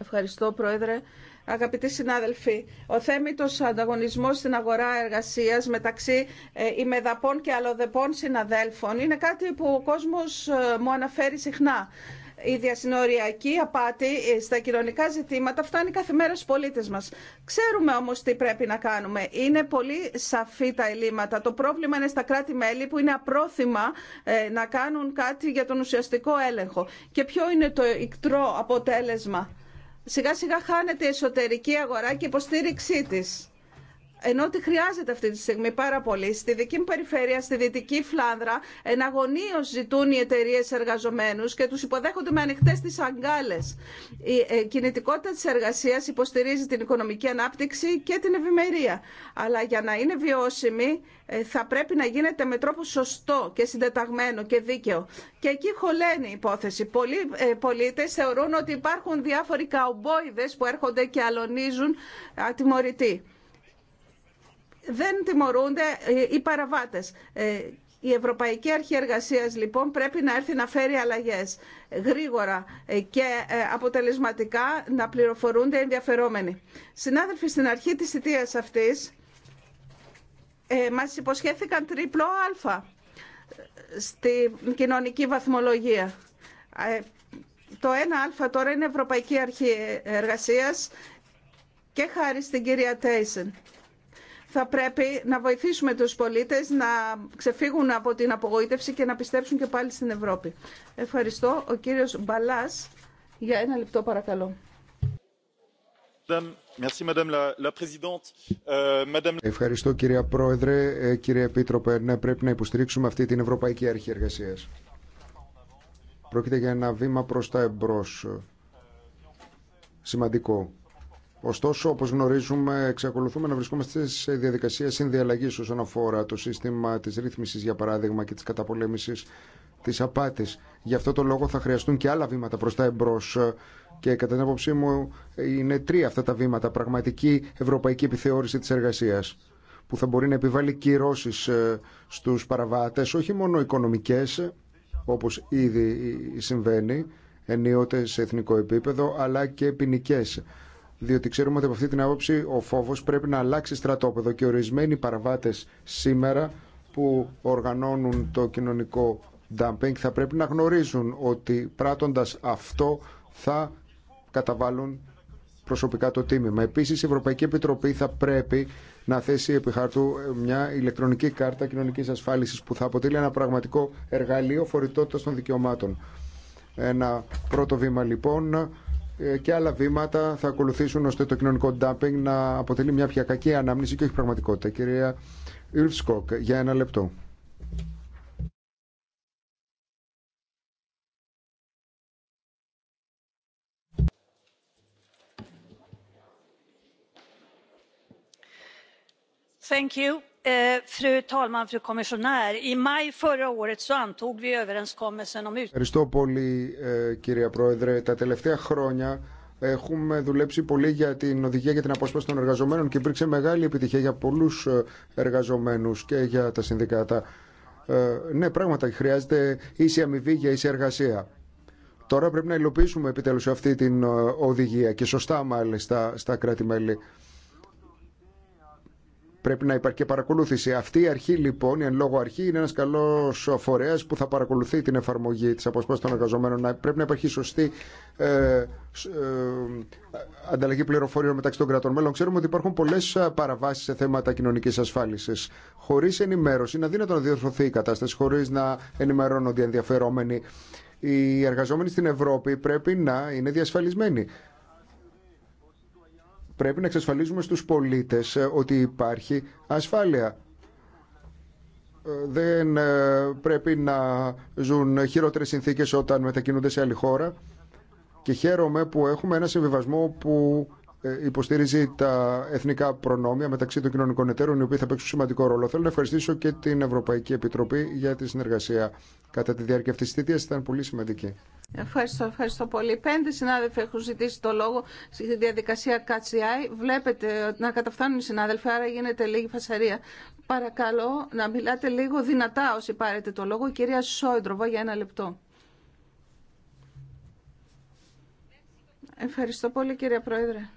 Ευχαριστώ Πρόεδρε. Αγαπητοί συνάδελφοι, ο θέμητος ανταγωνισμός στην αγορά εργασίας μεταξύ ε, ημεδαπών και αλλοδεπών συναδέλφων είναι κάτι που ο κόσμος ε, μου αναφέρει συχνά η διασυνοριακή απάτη στα κοινωνικά ζητήματα φτάνει κάθε μέρα στους πολίτες μας. Ξέρουμε όμως τι πρέπει να κάνουμε. Είναι πολύ σαφή τα ελλείμματα. Το πρόβλημα είναι στα κράτη-μέλη που είναι απρόθυμα ε, να κάνουν κάτι για τον ουσιαστικό έλεγχο. Και ποιο είναι το ικτρό αποτέλεσμα. Σιγά σιγά χάνεται η εσωτερική αγορά και η υποστήριξή της ενώ ότι χρειάζεται αυτή τη στιγμή πάρα πολύ. Στη δική μου περιφέρεια, στη Δυτική Φλάνδρα, εναγωνίω ζητούν οι εταιρείε εργαζομένου και του υποδέχονται με ανοιχτέ τι αγκάλε. Η ε, κινητικότητα τη εργασία υποστηρίζει την οικονομική ανάπτυξη και την ευημερία. Αλλά για να είναι βιώσιμη, ε, θα πρέπει να γίνεται με τρόπο σωστό και συντεταγμένο και δίκαιο. Και εκεί χωλαίνει η υπόθεση. Πολλοί ε, πολίτε θεωρούν ότι υπάρχουν διάφοροι καουμπόιδε που έρχονται και αλωνίζουν ατιμωρητοί δεν τιμωρούνται ε, οι παραβάτες. Ε, η Ευρωπαϊκή Αρχή Εργασίας λοιπόν πρέπει να έρθει να φέρει αλλαγές γρήγορα ε, και αποτελεσματικά να πληροφορούνται οι ενδιαφερόμενοι. Συνάδελφοι, στην αρχή της θητείας αυτής ε, μας υποσχέθηκαν τριπλό α στη κοινωνική βαθμολογία. το ένα α τώρα είναι Ευρωπαϊκή Αρχή Εργασίας και χάρη στην κυρία Τέισεν θα πρέπει να βοηθήσουμε τους πολίτες να ξεφύγουν από την απογοήτευση και να πιστέψουν και πάλι στην Ευρώπη. Ευχαριστώ. Ο κύριος Μπαλάς, για ένα λεπτό παρακαλώ. Euh, Ευχαριστώ κυρία Πρόεδρε, ε, κύριε Επίτροπε. Ναι, πρέπει να υποστηρίξουμε αυτή την Ευρωπαϊκή Αρχή Εργασίας. Πρόκειται για ένα βήμα προς τα εμπρός. Σημαντικό Ωστόσο, όπω γνωρίζουμε, εξακολουθούμε να βρισκόμαστε σε διαδικασία συνδιαλλαγή όσον αφορά το σύστημα τη ρύθμιση, για παράδειγμα, και τη καταπολέμηση τη απάτη. Γι' αυτό το λόγο θα χρειαστούν και άλλα βήματα προ τα εμπρό. Και κατά την άποψή μου, είναι τρία αυτά τα βήματα. Πραγματική ευρωπαϊκή επιθεώρηση τη εργασία που θα μπορεί να επιβάλλει κυρώσει ε, στου παραβάτε, όχι μόνο οικονομικέ, όπω ήδη συμβαίνει ενίοτε σε εθνικό επίπεδο, αλλά και ποινικέ διότι ξέρουμε ότι από αυτή την άποψη ο φόβο πρέπει να αλλάξει στρατόπεδο και ορισμένοι παραβάτε σήμερα που οργανώνουν το κοινωνικό dumping θα πρέπει να γνωρίζουν ότι πράττοντας αυτό θα καταβάλουν προσωπικά το τίμημα. Επίση, η Ευρωπαϊκή Επιτροπή θα πρέπει να θέσει επί χάρτου μια ηλεκτρονική κάρτα κοινωνική ασφάλισης που θα αποτελεί ένα πραγματικό εργαλείο φορητότητα των δικαιωμάτων. Ένα πρώτο βήμα λοιπόν ε, και άλλα βήματα θα ακολουθήσουν ώστε το κοινωνικό ντάμπινγκ να αποτελεί μια πια κακή ανάμνηση και όχι πραγματικότητα. Κυρία Ιλφσκοκ, για ένα λεπτό. Thank you. Ευχαριστώ πολύ, ε, κυρία Πρόεδρε. Τα τελευταία χρόνια έχουμε δουλέψει πολύ για την οδηγία για την απόσπαση των εργαζομένων και υπήρξε μεγάλη επιτυχία για πολλούς ε, εργαζομένους και για τα συνδικάτα. Ε, ναι, πράγματα χρειάζεται ίση αμοιβή για ίση εργασία. Τώρα πρέπει να υλοποιήσουμε επιτέλους αυτή την οδηγία και σωστά μάλιστα στα κράτη-μέλη. Πρέπει να υπάρχει και παρακολούθηση. Αυτή η αρχή λοιπόν, η εν λόγω αρχή, είναι ένα καλό φορέα που θα παρακολουθεί την εφαρμογή τη αποσπάση των εργαζομένων. Πρέπει να υπάρχει σωστή ε, ε, ανταλλαγή πληροφοριών μεταξύ των κρατών μέλων. Ξέρουμε ότι υπάρχουν πολλέ παραβάσει σε θέματα κοινωνική ασφάλιση. Χωρί ενημέρωση είναι αδύνατο να διορθωθεί η κατάσταση, χωρί να ενημερώνονται οι ενδιαφερόμενοι. Οι εργαζόμενοι στην Ευρώπη πρέπει να είναι διασφαλισμένοι. Πρέπει να εξασφαλίζουμε στους πολίτες ε, ότι υπάρχει ασφάλεια. Ε, δεν ε, πρέπει να ζουν χειρότερες συνθήκες όταν μετακινούνται σε άλλη χώρα. Και χαίρομαι που έχουμε ένα συμβιβασμό που ε, υποστηρίζει τα εθνικά προνόμια μεταξύ των κοινωνικών εταίρων, οι οποίοι θα παίξουν σημαντικό ρόλο. Θέλω να ευχαριστήσω και την Ευρωπαϊκή Επιτροπή για τη συνεργασία. Κατά τη διάρκεια αυτή τη θητεία ήταν πολύ σημαντική. Ευχαριστώ, ευχαριστώ πολύ. Πέντε συνάδελφοι έχουν ζητήσει το λόγο στη διαδικασία ΚΑΤΣΙΑΙ. Βλέπετε να καταφθάνουν οι συνάδελφοι, άρα γίνεται λίγη φασαρία. Παρακαλώ να μιλάτε λίγο δυνατά όσοι πάρετε το λόγο. κυρία Σόιντροβα για ένα λεπτό. Ευχαριστώ πολύ κύριε Πρόεδρε.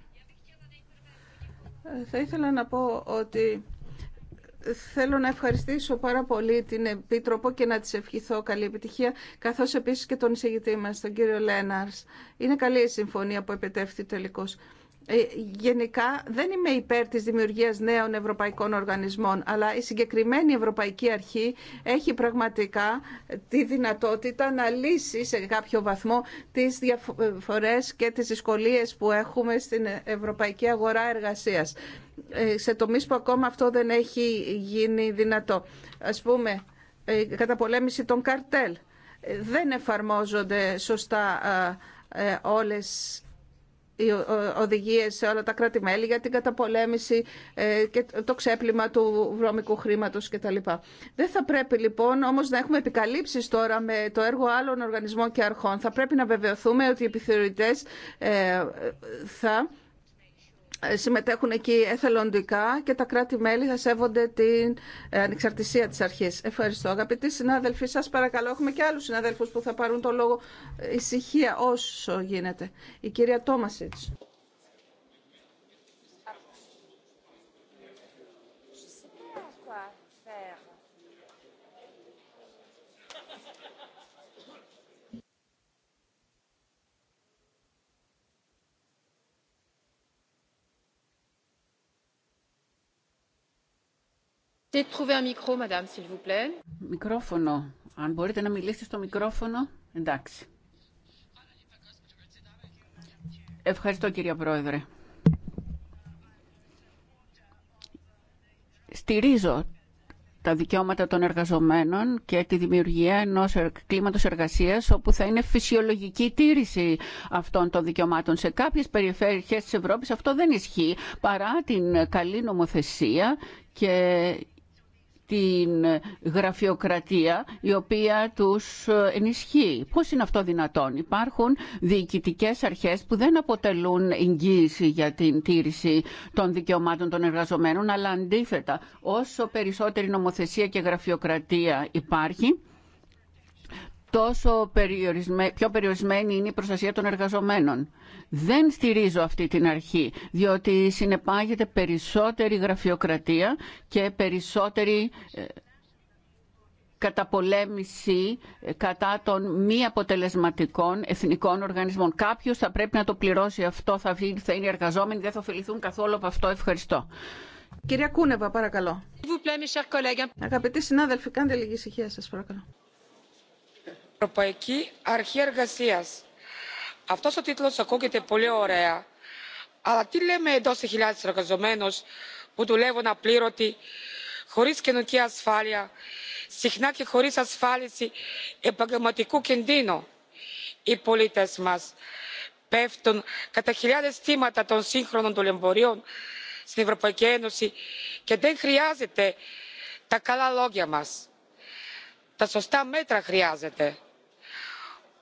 Θα ήθελα να πω ότι θέλω να ευχαριστήσω πάρα πολύ την Επίτροπο και να της ευχηθώ καλή επιτυχία, καθώς επίσης και τον εισηγητή μας, τον κύριο Λέναρς. Είναι καλή η συμφωνία που επιτεύχθη τελικώς. Ε, γενικά δεν είμαι υπέρ της δημιουργίας νέων ευρωπαϊκών οργανισμών, αλλά η συγκεκριμένη Ευρωπαϊκή Αρχή έχει πραγματικά τη δυνατότητα να λύσει σε κάποιο βαθμό τις διαφορές και τις δυσκολίες που έχουμε στην ευρωπαϊκή αγορά εργασίας. Ε, σε τομείς που ακόμα αυτό δεν έχει γίνει δυνατό. Ας πούμε, ε, καταπολέμηση των καρτέλ. Δεν εφαρμόζονται σωστά όλες οδηγίες σε όλα τα κράτη-μέλη για την καταπολέμηση ε, και το ξέπλυμα του βρώμικου χρήματος κτλ. Δεν θα πρέπει λοιπόν όμως να έχουμε επικαλύψεις τώρα με το έργο άλλων οργανισμών και αρχών. Θα πρέπει να βεβαιωθούμε ότι οι επιθεωρητές ε, θα συμμετέχουν εκεί εθελοντικά και τα κράτη-μέλη θα σέβονται την ε, ανεξαρτησία της αρχής. Ευχαριστώ. Αγαπητοί συνάδελφοι, σας παρακαλώ, έχουμε και άλλους συναδέλφους που θα πάρουν το λόγο ησυχία όσο γίνεται. Η κυρία Τόμασιτς. Μικρόφωνο. Αν μπορείτε να μιλήσετε στο μικρόφωνο, εντάξει. Ευχαριστώ κύριε Πρόεδρε. Στηρίζω τα δικαιώματα των εργαζομένων και τη δημιουργία ενός κλίματος εργασίας όπου θα είναι φυσιολογική τήρηση αυτών των δικαιωμάτων. Σε κάποιες περιφέρειες της Ευρώπης αυτό δεν ισχύει παρά την καλή νομοθεσία και την γραφειοκρατία η οποία τους ενισχύει. Πώς είναι αυτό δυνατόν. Υπάρχουν διοικητικέ αρχές που δεν αποτελούν εγγύηση για την τήρηση των δικαιωμάτων των εργαζομένων, αλλά αντίθετα όσο περισσότερη νομοθεσία και γραφειοκρατία υπάρχει, τόσο πιο περιορισμένη είναι η προστασία των εργαζομένων. Δεν στηρίζω αυτή την αρχή, διότι συνεπάγεται περισσότερη γραφειοκρατία και περισσότερη ε, καταπολέμηση ε, κατά των μη αποτελεσματικών εθνικών οργανισμών. Κάποιος θα πρέπει να το πληρώσει αυτό, θα, θα είναι εργαζόμενοι, δεν θα ωφεληθούν καθόλου από αυτό. Ευχαριστώ. Κυρία Κούνεβα, παρακαλώ. Αγαπητοί συνάδελφοι, κάντε λίγη ησυχία σας, παρακαλώ. Ευρωπαϊκή Αρχή Εργασίας αυτός ο τίτλος ακούγεται πολύ ωραία αλλά τι λέμε εδώ σε χιλιάδες εργαζομένους που δουλεύουν απλήρωτοι χωρίς κοινωνική ασφάλεια συχνά και χωρίς ασφάλιση επαγγελματικού κινδύνου. οι πολίτες μας πέφτουν κατά χιλιάδες θύματα των σύγχρονων δουλεμπορίων στην ευρωπαϊκή ένωση και δεν χρειάζεται τα καλά λόγια μας. τα σωστά μέτρα χρειάζονται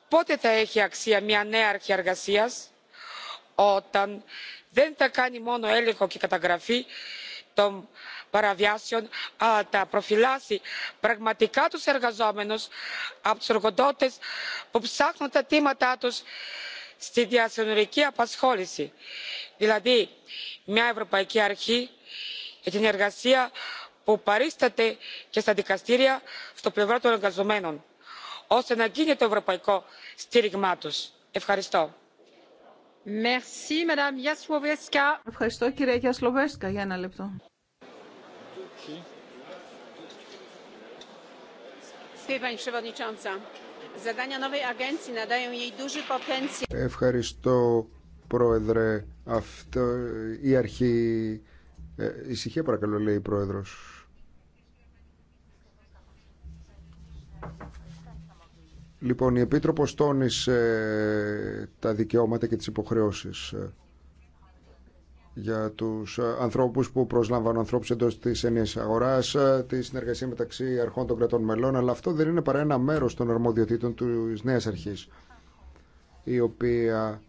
πότε θα έχει αξία μια νέα αρχή εργασίας όταν δεν θα κάνει μόνο έλεγχο και καταγραφή των παραβιάσεων αλλά θα προφυλάσσει πραγματικά τους εργαζόμενους από τους εργοδότες που ψάχνουν τα τίματά τους στη διασυνορική απασχόληση δηλαδή μια ευρωπαϊκή αρχή για την εργασία που παρίσταται και στα δικαστήρια στο πλευρό των εργαζομένων ώστε να γίνει το ευρωπαϊκό στήριγμά του. ευχαριστώ. Ευχαριστώ κυρία Γιασλοβέσκα για ένα λεπτό. Ευχαριστώ πρόεδρε. Αυτό, η αρχή... Ε, ησυχία παρακαλώ λέει η πρόεδρος. Λοιπόν, η επίτροπο τόνισε ε, τα δικαιώματα και τις υποχρεώσεις ε, για τους ε, ανθρώπους που προσλαμβάνουν ανθρώπους εντός της ενίας αγοράς, τη συνεργασία μεταξύ αρχών των κρατών μελών, αλλά αυτό δεν είναι παρά ένα μέρος των αρμοδιοτήτων της νέας αρχής, η οποία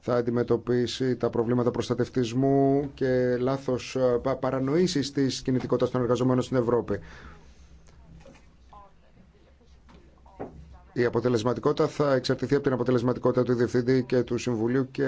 θα αντιμετωπίσει τα προβλήματα προστατευτισμού και λάθος παρανοήσεις της κινητικότητας των εργαζομένων στην Ευρώπη. Η αποτελεσματικότητα θα εξαρτηθεί από την αποτελεσματικότητα του Διευθυντή και του Συμβουλίου και